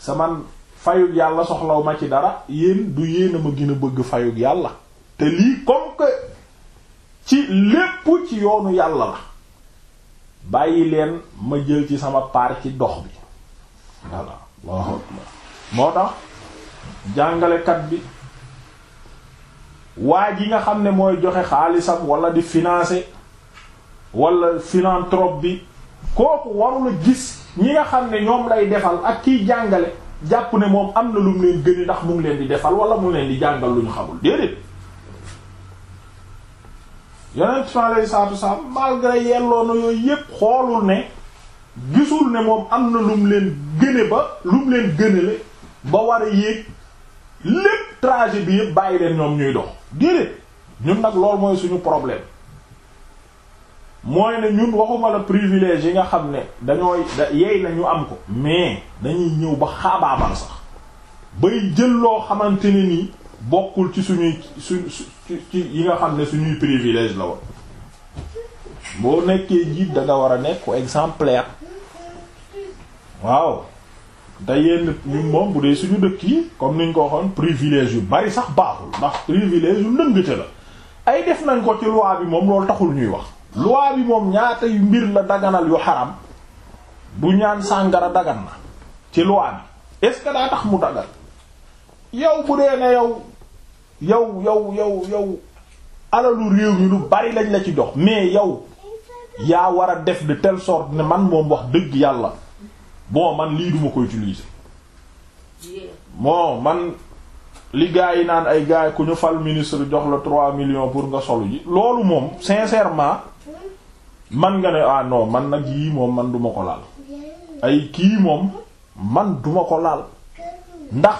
sa man fayug yàlla soxlaw ma ci dara yéen du yéen ma gën bëgg fayug yàlla te lii comme ci lépp ci yoonu yàlla la bàyyi leen ma jël ci sama paar ci dox bi moo tax jàngalekat bi waa ji nga xam ne mooy joxe xaalisam wala di financer wala philanthrope bi kooku warula gis ñi nga xam ne ñoom lay defal ak kiy jàngale jàpp ne moom am na lum leen gëni ndax mu ngi di defal wala mu leen di jàngal lu ñu xamul déedéet yonent mi alayhi salaatu wasalaam malgré yooyu yépp xoolul ne gisul ne moom am na lum leen gëne ba lum leen gënale ba war a yéeg lépp trajet bi yëpp bàyyi leen ñoom ñuy dox déedéet ñun nag loolu mooy suñu problème mooy ne ñun waxuma la privilège yi nga xam ne dañooy da yey na ñu am ko mais dañuy ñëw ba xaabaabal sax bay jël loo xamante ne ni bokkul ci suñuy su ci yi nga xam ne suñuy privilège la woon boo nekkee jiit da war a nekk exemplaire waaw te yenn ñun moom bu dee suñu dëkk yi comme niñ ko waxoon privilège yu bari sax baaxul ndax privilège yu nëngate la ay def nañ ko ci loi bi moom loolu taxul ñuy wax loi bi moom ñaata yu mbir la daganal yu xaram bu ñaan sàngara daggan na ci loi bi est-ce que daa tax mu dagal yow bu dee ne yow yow yow yow yow alalu réew mi lu bari lañ la ci jox mais yow yaa war a def de telle sorte ne man moom wax dëgg yàlla bon man lii duma ko utiliser bon man li gars yi naan ay gars ku ñu fal ministre jox la trois millions pour nga solu yi loolu moom sincèrement man nga ne ah man nag yii moom man duma ko laal ay kii moom man duma ko laal ndax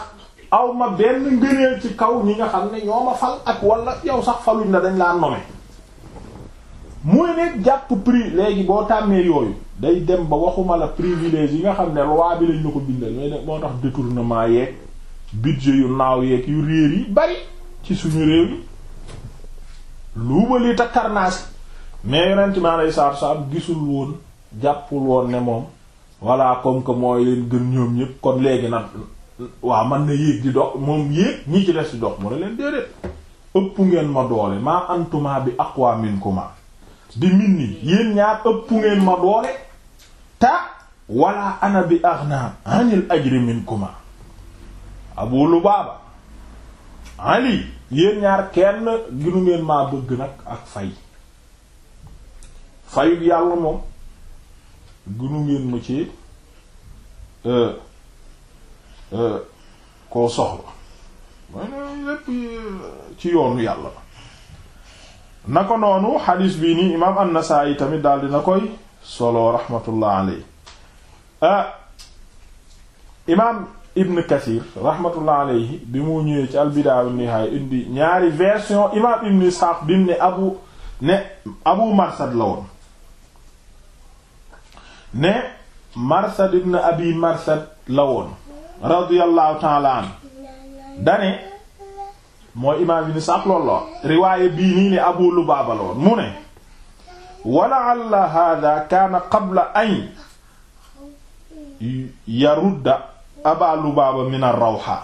aw ma benn ngëneel ci kaw ñi nga xam ne ñoo ma fal ak wala yow sax faluñ la dañ laa nommer mooy nekk jàpp prix léegi boo tàmmee yooyu day dem ba waxuma la privilège yi nga xam ne loi bi lañ la ko bindal mais moo tax détournement yeeg budget yu naaw yeek yu réer yi bari ci suñu réew yi luuma lii ta karnaasi mais yonent ma lay saab saab gisul woon jàppul woon ne moom voilà comme que mooy leen gën ñoom ñépp kon léegi nag waa man na yéeg di dox moom yéeg ñi ci des di dox mu ne leen déedéet ëpp ngeen ma doole maa antuma bi aqwa minkuma bi min nii yéen ñaar ëpp ngeen ma doole ta wala ana bi aghna anil ajri minkuma abu lubaaba ali yéen ñaar kenn ginu ngeen maa bëgg nag ak fay fayut yàlla moom ginu ngeen ma ci euh, euh, koo soxla mooy lépp ci yoonu yàlla na ko noonu xadiis bii nii imaam an-Nasaa'i tamit daal dina koy solo rahmatullah aley ah, imaam ibn kathir rahmatullah aleyhi bi mu ñëwee ci albidaa wa nihaaya indi ñaari version imaam ibn isxaaq bi mu ne abu ne abu marsad la woon ne marsad ibn abi marsad la woon radiyallahu taala an dane mooy imaam ibn isxaaq loolu riwaaye bii nii ne abu lubaaba la woon mu ne wala alla hada kaana qabla an yarudda aba lubaaba min ar-rawha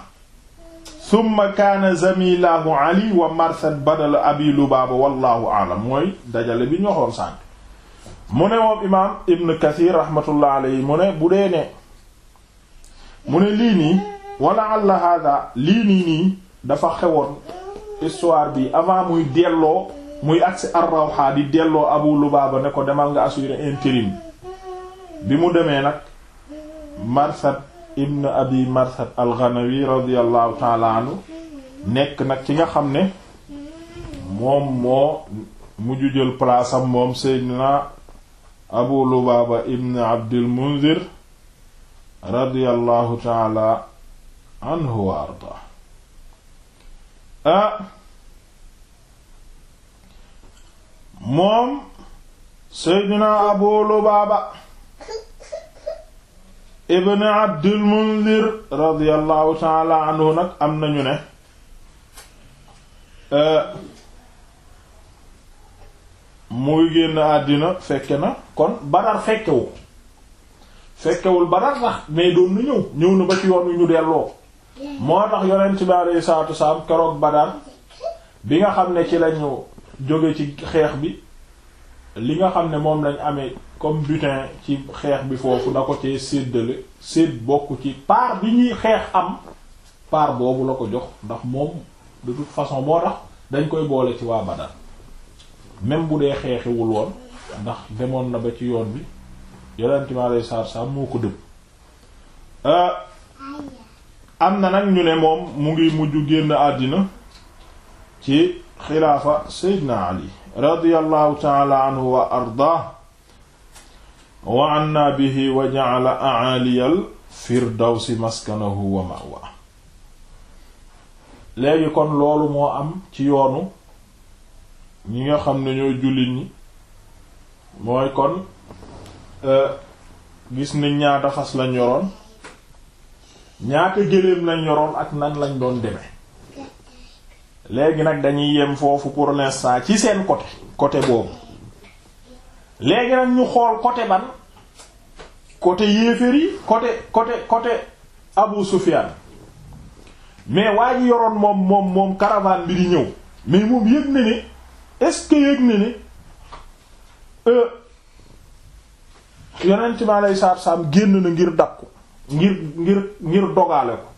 summa kaana zamilaahu ali wa marsad badal abi lubaaba wallahu aalam mooy dajale bi ñu waxoon sànq mu ne moom imaam ibn kathir rahmatullah alayhi mu ne bu dee ne mu ne lii nii wala alla hada lii nii nii dafa xewoon histoire bi avant muy delloo muy agsi ar-Rawha delloo Abu Lubaaba ne ko demal nga assurer intérim bi mu demee nag Marsad ibn Abi Marsad al-Ghanawi radiyallahu ta'ala nekk nag ci nga xam ne moom moo mujju jël place am moom Seydina Abu Lubaaba ibn Abdil Munzir radiyallahu ta'ala anhu wa moom seydina abu lubaaba ibn abdul mundir radiallahu taala nag am nañu ne euh, muy génn àddina fekke na kon badar fekkewul fekkewul badar sax mais doon na ñëw ñëw na ba ci yoon wi ñu delloo moo tax yonent bi alayhi salaatu wasalaam keroog badar bi nga xam ne ci lañu jóge ci xeex bi li nga xam ne moom lañ amee comme butin ci xeex bi foofu da ko cee séddale sédd bokk ci part bi ñuy xeex am part boobu la ko jox ndax moom de toute façon moo tax dañ koy boole ci waa Badar même bu dee xeexiwul woon ndax demoon na ba ci yoon bi yonent mi alayhi salaatu moo ko dëbb euh, am na nag ñu ne moom mu ngi mujj génn àddina ci xilaafa seydna ali radiyallahu taala anhu wa arda wa anna bihi wa ja'ala a'aliyal firdawsi maskanahu wa ma'wa léegi kon loolu moo am ci yoonu ñi nga xam ne ñoo jullit ñi mooy kon euh, gis nañ ñaata fas lañ yoroon ñaata gëléem lañ yoroon ak nan lañ doon demee léegi nag dañuy yem foofu pour saa ci seen côté côté boobu léegi nag ñu xool côté ban côté yéeféer yi côté côté côté Abu Sufyan mais waa yoroon moom moom moom caravane bi di ñëw mais moom yëg na ne est-ce que yëg na ne euh, yonent bi aleyhi salaatu salaam génn na ngir dab ngir ngir ngir dogale ko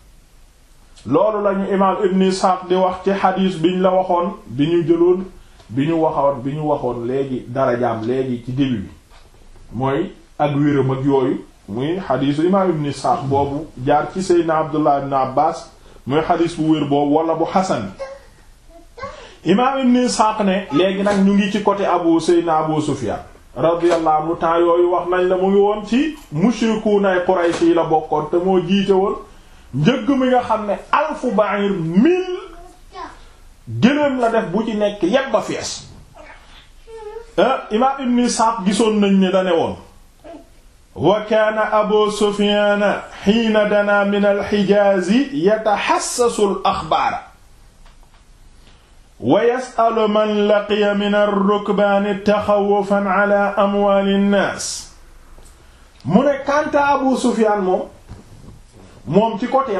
loolu lañu imaam ibn Isxaaq di wax ci xadiis bi ñu la waxoon bi ñu jëloon bi ñu waxoon bi ñu waxoon léegi darajaam léegi ci début mooy ak wéram ak yooyu muy xadiisu imaam ibn Isxaaq boobu jaar ci seyna Abdullah ibn Abbaas muy xadiis bu wér boobu wala bu xasan imaam ibn Isxaaq ne léegi nag ñu ngi ci côté Abu Seydina Abu Sufyaan radiyallahu anhu temps yooyu wax nañ la mu ngi woon ci mushrikuuna Quraysh yi la bokkoon te moo jiite woon njëgg mi nga xam ne alfu ba'ir mil gëléem la def bu ci nekk yeb ba fees eh, imaam ibn Isxaaq gisoon nañ ne dane woon wa kaana abu Sufyaana xiina danaa min alxijaazi yataxassasu al axbaara wa yasalu man laqiya min arrukbaani taxawufan ala amwaali nnaas mu ne kanta abu Sufyaan moom moom ci côté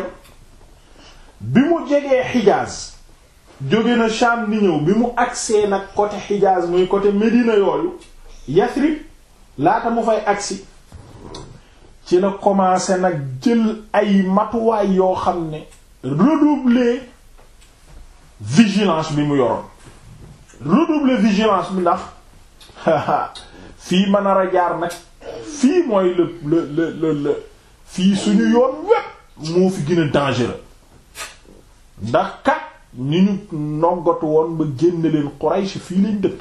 bi mu jegee Hijaz jóge na Sham ni ñëw bi mu agsee nag côté Hijaz muy côté Médina yooyu Yathrib laata mu fay agsi ci na commencé nag jël ay matuwaay yoo xam ne redoubler vigilance bi mu yoroon redoubler vigilance bi ndax <laughs> fii ma a jaar nag fii mooy le le le le fii suñu yoon wépp moo fi gën a dangereux ndax kat ni ñu noggatu woon ba génne leen Quraysh fii lañ dëkk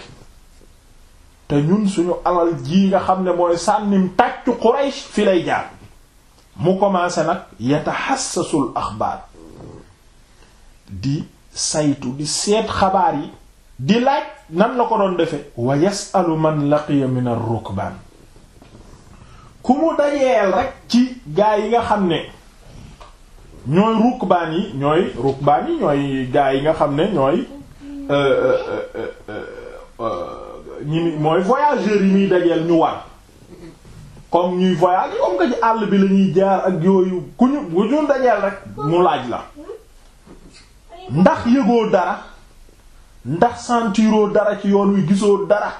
te ñun suñu alal ji nga xam ne mooy sànnim tàccu Quraysh fi lay jaar mu commencé nag yataxassasul axbaar di saytu di seet xabaar yi di laaj nan la ko doon defe wa yasalu man laqiya min ar ku mu dajeel rek ci gaa yi nga xam ne ñooy rukbaan yi ñooy rukbaan yi ñooy gaa yi nga xam ne ñooy euh, euh, euh, ñi mooy voyageurs yi muy dajeel ñu war comme ñuy voyage comme que ci àll bi lañuy jaar ak yooyu ku ñu ku ñu dajeel rek mu laaj la ndax yëgoo dara ndax sentiroo dara ci yoon wi gisoo dara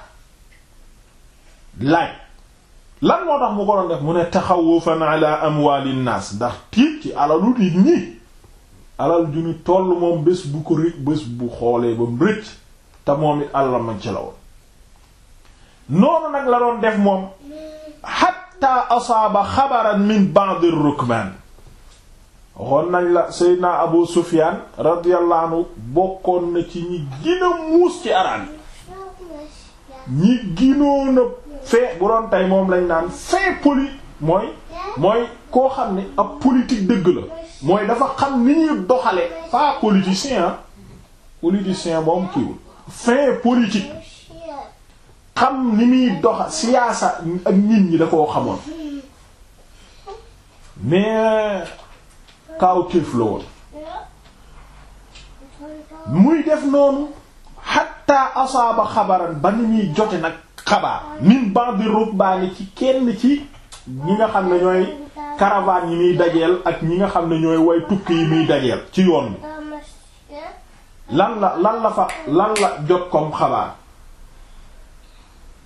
laaj lan moo tax mu ko doon def mu ne taxawufan ala amwalin nas ndax tiit ci alalu nit ñi alal ju ni toll moom bés bu ko rëcc bés bu xoolee ba mu rëcc te moom it alal ma ci la woon noonu nag la doon def moom hatta asaaba xabaran min ba'd ar-rukban waxoon nañ la Seydina Abu Sufyan radiyallahu anhu bokkoon na ci ñi gën muus ci araan ñi ginoon fait bu doon tey moom lañ naan fait poli mooy mooy koo xam ne ab politique dëgg la mooy dafa xam ni ñuy doxale pas politicien ah. politicien moom kiiwul fait politique xam ni muy doxa siyaasa ak nit ñi da koo xamoon mais kaw téef la woon muy def noonu xatta asaaba xabaran ba ni ñuy jote nag xabaar min ba'di rukbaani ci kenn ci ñi nga xam ne ñooy caravane yi muy dajeel ak ñi nga xam ne ñooy way tukki yi muy dajeel ci yoon bi lan la lan la fa lan la jot comme xabaar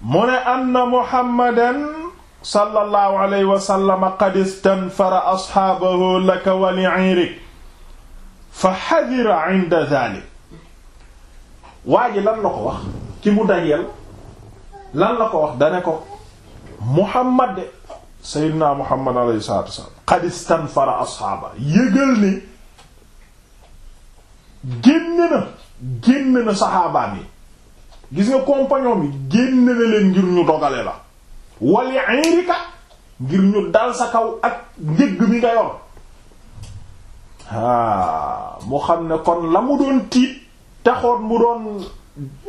mu ne na muhammadan sallallahu alayhi wa sallam qad istanfara asxaabahu laka wa li'iirik fa hadira inda dhalik waa ji lan la ko wax ki mu dajeel lan la ko wax dane ko Muhammad de Seydina Muhammad alayhi salaatu wasallam qad istanfara asxaaba yëgal ne génne na génne na saxaabaam yi gis nga compagnon bi génne na leen ngir ñu dogale la wali irika ngir ñu dal sa kaw ak njëgg mi nga yor mu xam ne kon la mu doon tiit taxoon mu doon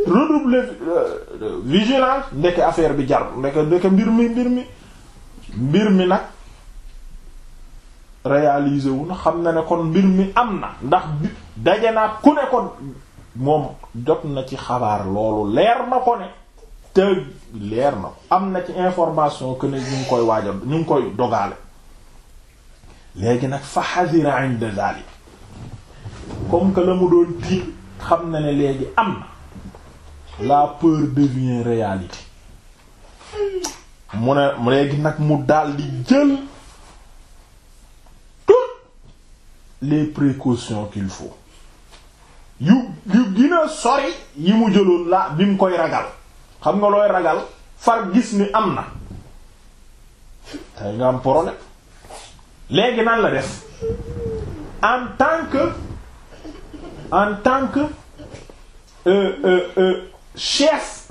redoubler euh, euh, vigilance ndeke affaire bi jar ndeke ndeke mbir mi mbir mi mbir mi nag réalisé wu na xam na ne kon mbir mi am na ndax daje naa ku ne kon moom jot na ci xabaar loolu leer na ko ne te leer na ko am na ci information que ne ñu ngi koy waaja ñu ngi koy dogaale léegi nag fa xasira inda zalik comme que la mu doon tiit xam na ne léegi am na la peur devient réalité mu ne léegi nag mu daldi jël toutes les précautions qu'il faut yu yu gën sori yi mu jëloon la bi mu koy ragal xam nga looy ragal far gis ni am na tey nga léegi nan la def en tant que en tant euh, euh, euh, chef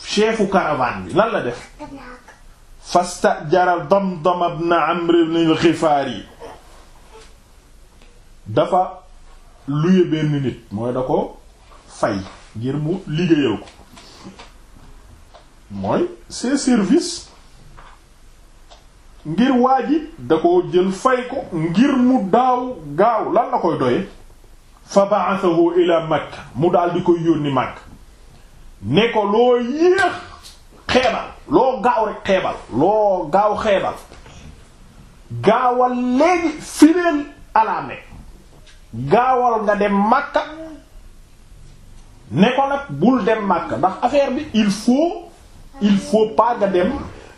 chefu caravane bi lan la def fastajara damdam ibn amr ibn al-xifaari dafa luye benn nit mooy da ko fay ngir mu liggéeyal ko mooy ses services ngir waa da ko jël fay ko ngir mu daaw gaaw lan la koy doye fa ba'athahu ila makka mu daal di koy yónni makka ne ko loo yéex xeebal loo gaaw rek xeebal loo gaaw xeebal gaawal léegi fileen alaame gaawal nga dem Makka ne ko nag bul dem Makka ndax affaire bi il faut il faut pas nga dem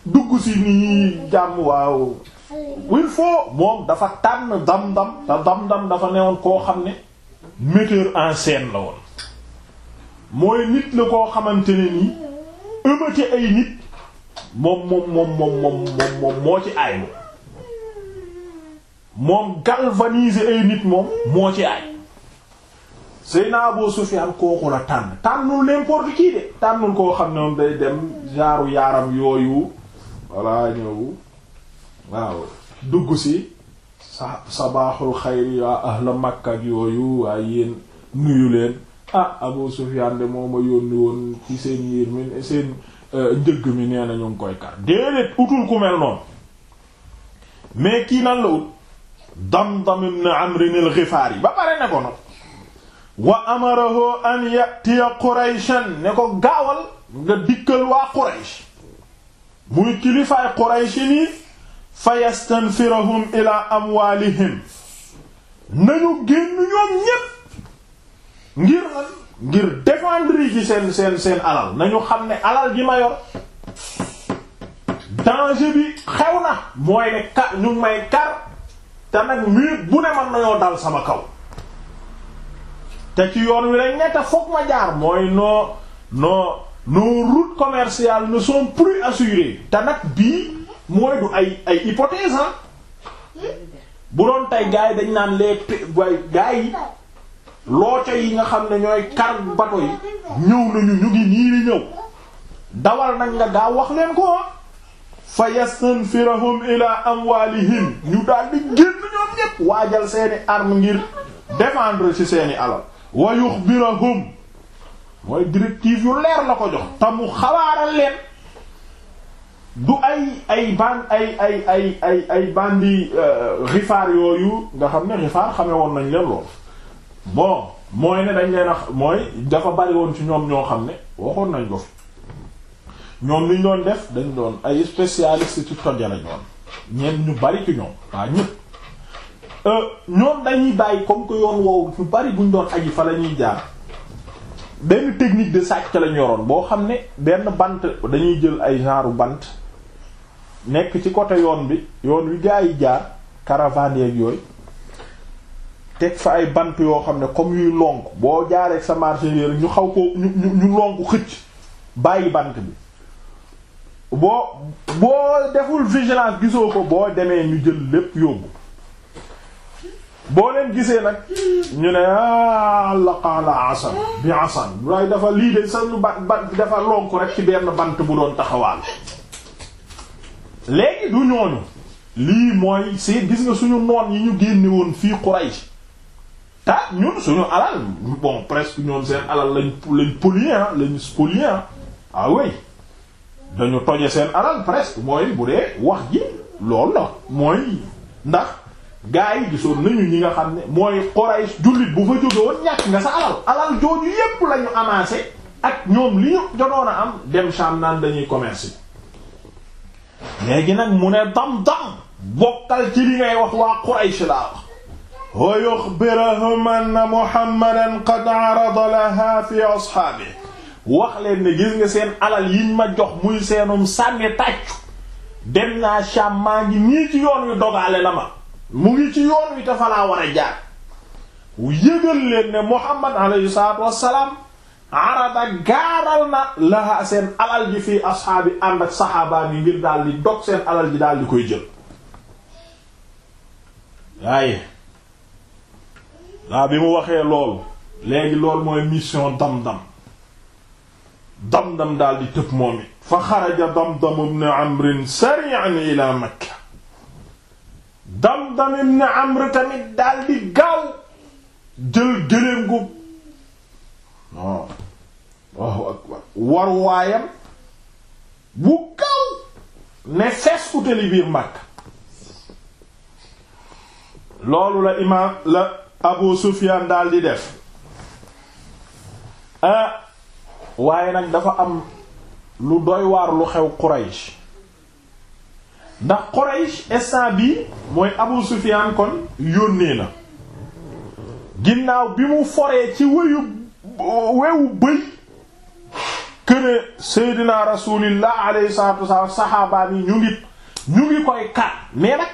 dugg si nii jàmm waaw il faut moom dafa tànn dam-dam te dam-dam dafa newoon koo xam ne metteur en scène la woon mooy nit la koo xamante ne nii ëmmate ay nit moom moom moom moom moom moom moo ci aay moom moom galvaniser ay nit moom moo ci aay Seyna Abu Sufyan kooku la tànn tànnul n'importe qui de tànnul koo xam ne moom day dem jaaru yaaram yooyu voilà ñëw waaw dugg si sa sabaaxul xayri waa ahla Makka ak yooyu waaye yéen nuyu leen ah Abu Sufyaan de moo ma yónni woon ci seen yiir mi seen euh, njëgg mi nee na ngi koy kar déedéet utul ku mel noonu mais kii nan la ut Damdam ibn Amr al-Ghifaari ba pare ne ko nag wa amarahu an yatiya Qurayshan ne ko gaawal nga dikkal waa Quraysh muy kilifaay Quraysh nii fa yastanfirahum ila amwaalihim nañu génn ñoom ñépp ngir lan ngir défendre yi seen seen seen alal na nañu xam ne alal ji ma yor danger bi xew na mooy ne ka ñu may kar te nag minute bu ne man nañoo dal sama kaw te ci yoon wi lañ netta foog ma jaar mooy noo noo nos routes commerciales ne sont plus assurées te nag bii mooy du ay ay hypothèse ah. hmm? bu doon tey gars dañ naan les gars yi looco yi nga xam ne ñooy kar bato yi ñëw nañu ñu ngi nii di ñëw dawal nag nga daa wax leen ko fa yastanfirahum ila amwalihim ñu daal di génn ñoom ñépp waajal seeni arme ngir défendre ci seeni alal wa yuxbirahum mooy directive yu leer na ko jox tamu mu xabaaral leen du ay ay ban ay ay ay ay ay euh, rifaar yooyu nga xam ne rifaar xamee woon nañ leen loolu bon mooy ne dañ leen a mooy dafa bari woon ci ñoom ñoo xam ne waxoon nañ ko fi ñoom li doon def dañ doon ay spécialiste ci tojja lañ woon ñeen ñu bari ci ñoom waa ñëpp euh, ñoom dañuy bàyyi comme que yoon woowu ñu bari buñ doon aji fa la ñuy jaar benn technique de sàcc lañ yoroon boo xam ne benn bant dañuy jël ay genre bant nekk ci côté yoon bi yoon wi gaa yi jaar caravane yeeg yooyu teg fa ay bant yoo xam ne comme yuy lonk boo jaaree sa marché yéer ñu xaw ko ñu ñu lonk xëcc bàyyi bant bi boo boo deful vigilance gisoo ko boo demee ñu jël lépp yóbbu boo leen gisee nag ñu ne ah laqaala asan bi asan waaye dafa lii de sañu ba ban dafa lonk rek ci benn bant bu doon taxawaal léegi du ñooñu lii mooy c'est gis nga suñu noon yi ñu génne woon fii Quraysh ta ñun suñu alal bon presque ñoom seen alal lañ lañ polluer ah, lañ spolier ah. ah oui dañu toje seen alal presque mooy bu dee wax ji lool la mooy ndax gaa yi gisoon nañu ñi nga xam ne mooy Quraysh jullit bu fa jógewoon ñàkk nga sa alal alal jooju yépp lañu amassé ak ñoom li ñu jotoon a am dem Sham naan dañuy commerce léegi nag mu ne dam dam bokkal ci li ngay wax waa Quraysh laa wax wa yuxbirahum anna muhammadan qad arada laha fi ashaabi wax leen ne gis nga seen alal yiñ ma jox muy seenum sànni tàccu dem naa Sham maa ngi nii ci yoon wi dogaale la ma mu ngi ci yoon wi dafa laa war a jaar yëgal leen ne muhammad alayhi salaatu wassalaam arada gaaral fii ashaabi ànd ak saxaabaan yi ngir daal di dog seen alal ji daal di koy jël waaye waaw bi mu waxee loolu léegi loolu mooy mission dam-dam dam-dam daal tëb moom it fa xaraja dam-dam ibn amr sari'an ila makka dam-dam ibn amr tamit daal di jël gëléem gu non war waayam bu gaaw ne fees utali biir makka loolu la imaam la Abu Sufyan daal di def ah, waaye nag dafa am lu doy waar lu xew Quraysh ndax Quraysh instant bi mooy Abu sufian kon yónnee na ginnaaw bi mu foree ci wéyu wewu bëy këne Seydina Rasulillah alayhi salatu wasallam saxaabaan yi ñu ngi ñu ngi koy kat mais nag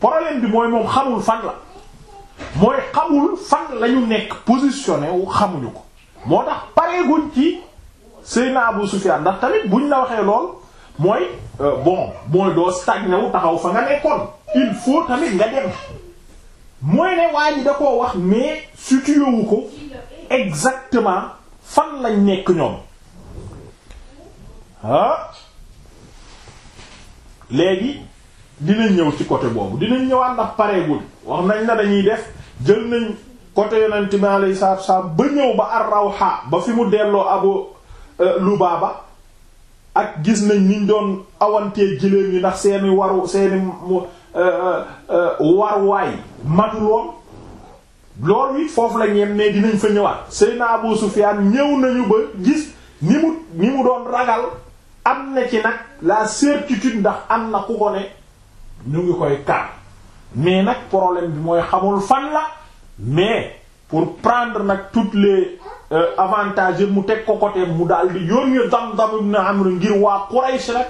problème bi mooy moom xamul fan la mooy xamul fan la ñu nekk positionné wu xamuñu ko moo tax pareeguñ ci Seyna Abu Sufyan ndax tamit buñ la waxee lool mooy euh, bon mooy doo stagné wu taxaw fa nga nekkoon il faut tamit nga dem mooy ne waa da koo wax mais situé wu ko exactement fan lañ nekk ñoom ah léegi dinañ ñëw ci côté boobu dinañ ñëwaat ndax pareegul wax nañ na dañuy def jël nañ côté yonent bi alayhi salaatu ba ñëw ba ar-Rawha ba fi mu delloo Abu euh, Lubaaba ak gis nañ niñ doon awantee jëleen yi ndax seeni waru seeni euh, euh, warwaay matuloon loolu it foofu la ñeem ne dinañ fa ñëwaat Seydina Abu Sufyaan ñëw nañu ba gis ni mu ni mu doon ragal am na ci nag la certitude ndax am na ku ko ne ñu ngi koy kar mais nag problème bi mooy xamul fan la mais pour prendre nag toutes les euh, avantage yëpp mu teg ko côté mu daal di yónni Damdam ibn Amr ngir waa Quraysh nag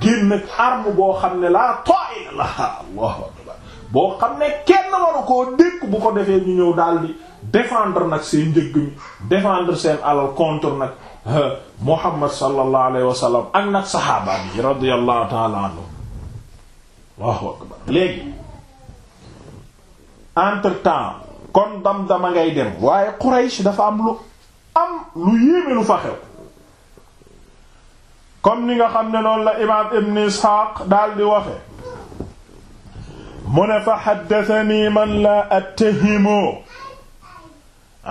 génn nag arme boo xam ne laa tooy la Allahu akbar boo xam ne kenn waru koo dékk bu ko defee ñu ñëw daal di défendre nag seen njëgg mi défendre seen alal contre nag euh, Muhammad sallallahu alayhi wa sallam ak nag saxaaba bi radiyallahu ta'ala anhu Allahu akbar léegi entre temps kon dam-dama ngay dem waaye Quraysh dafa am lu am lu yéeme lu fa xew comme ni nga xam ne noonu la imaam ibn Isxaaq daal di waxe mu ne fa haddathani man la attahimu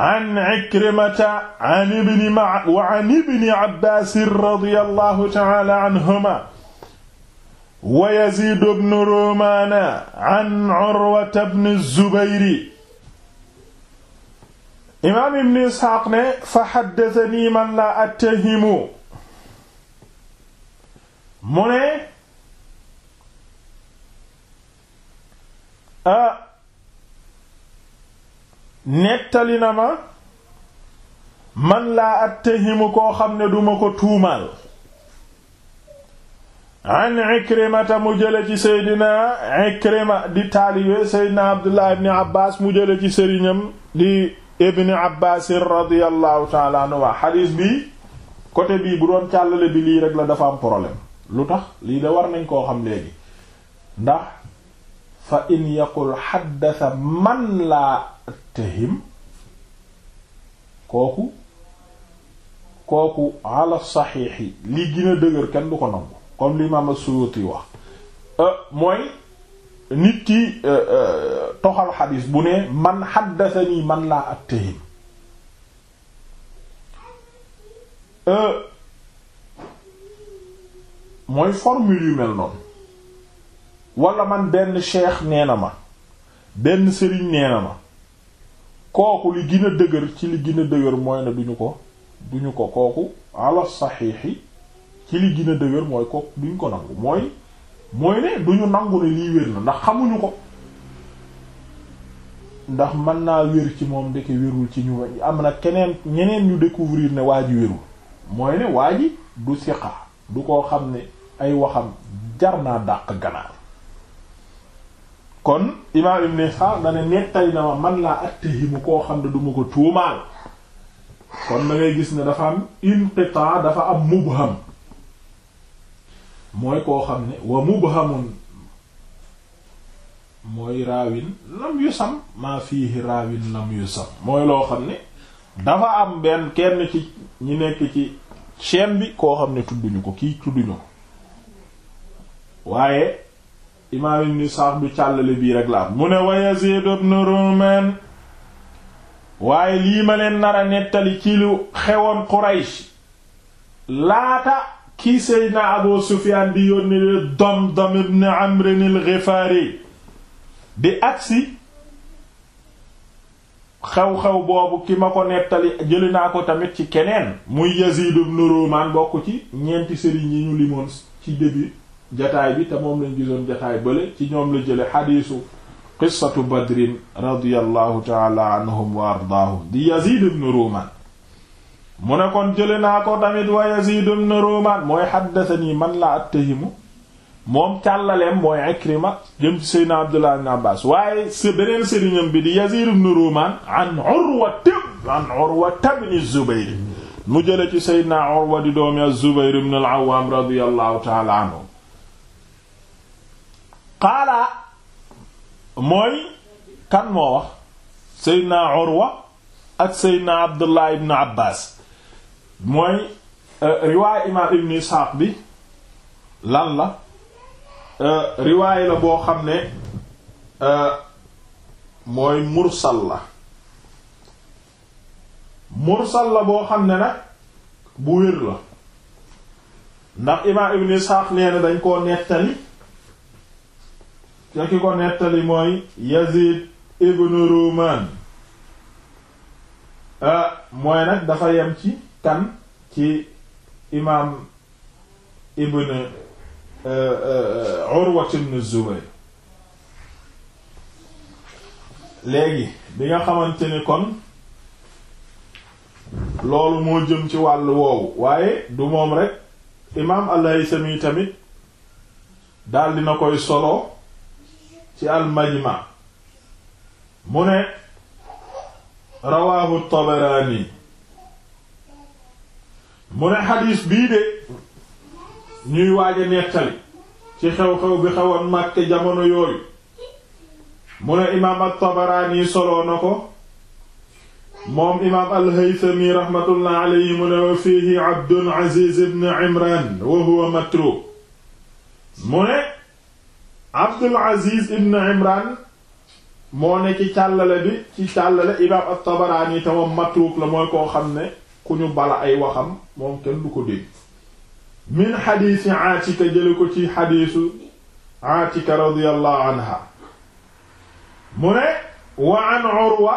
an Ikrimata an ibni ma wa an ibni Abbaas radiyallahu ta'ala anhuma wa Yaziid ibnu Rumaana an Urwata ibnu Zubayri imaam ibnu Isxaaq ne fa xaddasanii man laa attahimu mu ne a nettali na ma man laa attahimu koo xam ne duma ko tuumaal an Ikrimata mu jële ci Seydina Ikrima di taalibe Seydina Abdullah ibn Abbas mu jële ci sëriñam di ibn Abbas radiyallahu ta'ala anhu waa xadiis bi côté bii bu doon càllale bi lii rek la dafa am problème lu tax lii da war nañ koo xam léegi ndax fa in yaqul xaddasa man laa tahim kooku kooku ala saxiixi li gën dëgër kenn du ko nangu comme li imaam as-Suyuti wax euh, mooy nit ki euh, euh, toxal xadis bu ne man ni man laa attahim mooy formule yu mel noonu wala man benn cheikh neena ma benn sëriñ nee ma kooku li gën dëgër ci li gën a moy mooy ne duñu ko duñu ko kooku ala saxiixi ci li gën a dëgër mooy ko duñ ko nangu mooy mooy ne duñu nangu ne lii wér na ndax xamuñu ko ndax mën naa wér ci moom ndeke wérul ci ñu am na keneen ñeneen ñu découvrir ne waa ji wérul mooy ne waa du siqa du koo xam ne ay waxam jar naa dàq ganaar kon imaam ibn Ishaq dana nettali na ma man laa attahimu koo xam ne duma ko tuumaal kon da ngay gis ne dafa am inqitaa dafa am mubham mooy koo xam ne wa mubhamun mooy raawin lam yu sam maa fiihi raawin lam yu sam mooy loo xam ne dafa am benn kenn ci ñi nekk ci chaîne bi koo xam ne tudduñu ko kii tudduñu ko waaye imaam ni Sa'd du càllale bii rek la am mu ne wa Yazid ibn Ruman waaye lii ma leen nar nettali ci lu xewoon Quraysh laata kii seydna abu sufiyaan di yónni Damdam ibn Amr al-Ghifari di agsi xew-xew boobu ki ma ko nettali jëli naa ko tamit ci keneen muy Yazid ibn Rumaan bokk ci ñeenti sëriñ yi ñu limoon ci début jataay bi te moom lañ gisoon jataay bële ci ñoom la jële xadiisu qissatu badrin radiyallahu taala anhum wa ardaahum di Yazid ibn Rumaan mu ne kon jële naa ko tamit wa Yazid ibn Ruman mooy haddathani man la attahimu moom càllaleem mooy Ikrima jëm ci Seydina Abdullah ibn Abbas waaye sa beneen sëriñam bi di Yazid ibn Ruman an Urwa an Urwa ibn Zubayr mu jële ci Seydina Urwa di doomi az-Zubayr ibn al-Awwam radiyallahu ta'ala anhu qaala mooy kan moo wax Seydina Urwa ak Seydina Abdullah ibn Abbas mooy euh, riwaay imaam ibn Isxaaq bi lan la euh, riwaay la boo xam ne euh, mooy mursal la mursal la boo xam ne nag bu wér la ndax imaam ibn Isxaaq nee na dañ koo nettali te ki ko nettali mooy Yazid ibn Ruman mooy nag dafa yem ci kan ci imaam ibn eh, eh, Urwa ibn léegi bi nga xamante ni kon loolu moo jëm ci wàll woowu waaye du moom rek imaam al-Haythami tamit daal dina koy solo ci al-Majma mu ne rawaahu Tabarani mu ne xadiis bii de ñuy waaj a ci xew-xew bi xewoon Makka jamono yooyu mu ne imaam at-Tabaraani na ko moom imaam al-Haythami rahmatullah alayhi mu ne wa fiihi Abdul Aziz ibn Imran wa huwa matruk mu ne Abdul Aziz ibn Imran moo ne ci càllale bi ci càllale imaam at-Tabaraani matruk la mooy koo xam ne ku ñu bala ay waxam moom kenn du ko dégg min xadiisi Aatika jële ko ci xadiisu Aatika radiyallahu anha mu ne wa an Urwa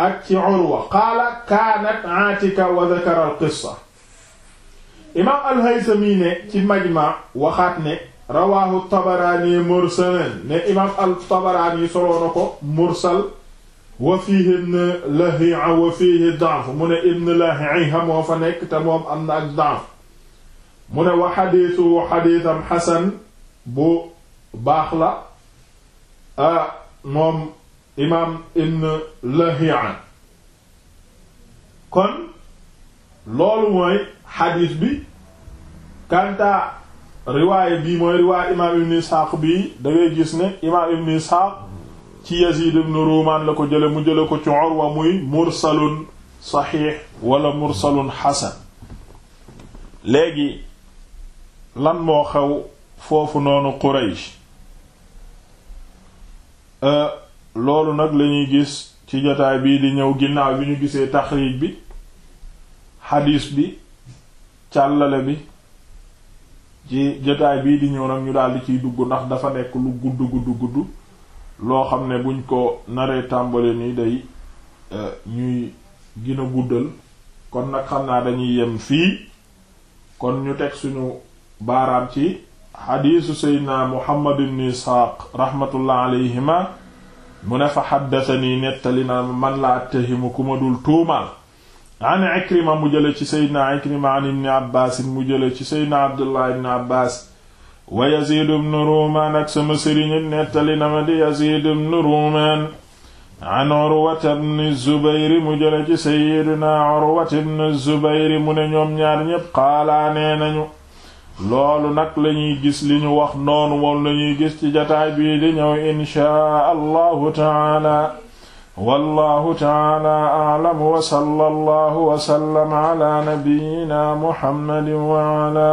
ak ci Urwa kaanat Aatika wa dakara al qissa imaam al-Haythami ne ci Majma waxaat ne rawaahu Tabaraani mursalan ne imaam al-Tabaraani soloo ko mursal wa fiihi ibn lahi'a wa fiihi da'f mu ne ibn lahi'a moo fa nekk te moom am na ak da'f mu ne wa bu baax la ah moom imaam ibn lahi'a kon loolu mooy xadiis bi kanta riwaaya bii mooy riwaaya imaam ibn Isxaaq bii da ngay gis imaam ibn Isxaaq ci Yazid ibn Ruumaan la ko jële mu jële ko ci Urwa muy mursalun saxiix wala mursalun xasan léegi lan moo xew foofu noonu Quraysh euh, loolu nag lañuy gis ci jotaay bii di ñëw ginnaaw bi ñu gisee taxriij bi xadiis bi càllale bi ci jotaay bii di ñëw nag ñu daldi ciy dugg ndax dafa nekk lu gudd gudd gudd loo xam ne buñ ko naree tàmbali ni day euh, ñuy gën guddal kon nag xam naa dañuy yem fii kon ñu teg suñu baaraam ci xadiisu seydna muhammad ibn isxaaq rahmatullah alayhima mu ne fa xaddatani nettali na man la attahimu ku ma dul tuumaal an ikrima mu jële ci seydna ikrima an ibni abbasin mu jële ci seydna abdullah ibni abbas wa Yaziid ibnu Ruumaan ak sama sëriñ nettali na ma di Yaziid ibnu Ruumaan an Urwata ibnu Zubayr mu jële ci sayyidina Urwata ibnu mu ne ñoom ñaar ñépp xaalaanee nañu loolu nag lañuy gis li ñu wax noonu moom lañuy gis ci jataay bii di ñëw inchaa allahu taala wallahu taala a'lamu wa sallallahu wa sallama ala nabiyyina muhammadin wa ala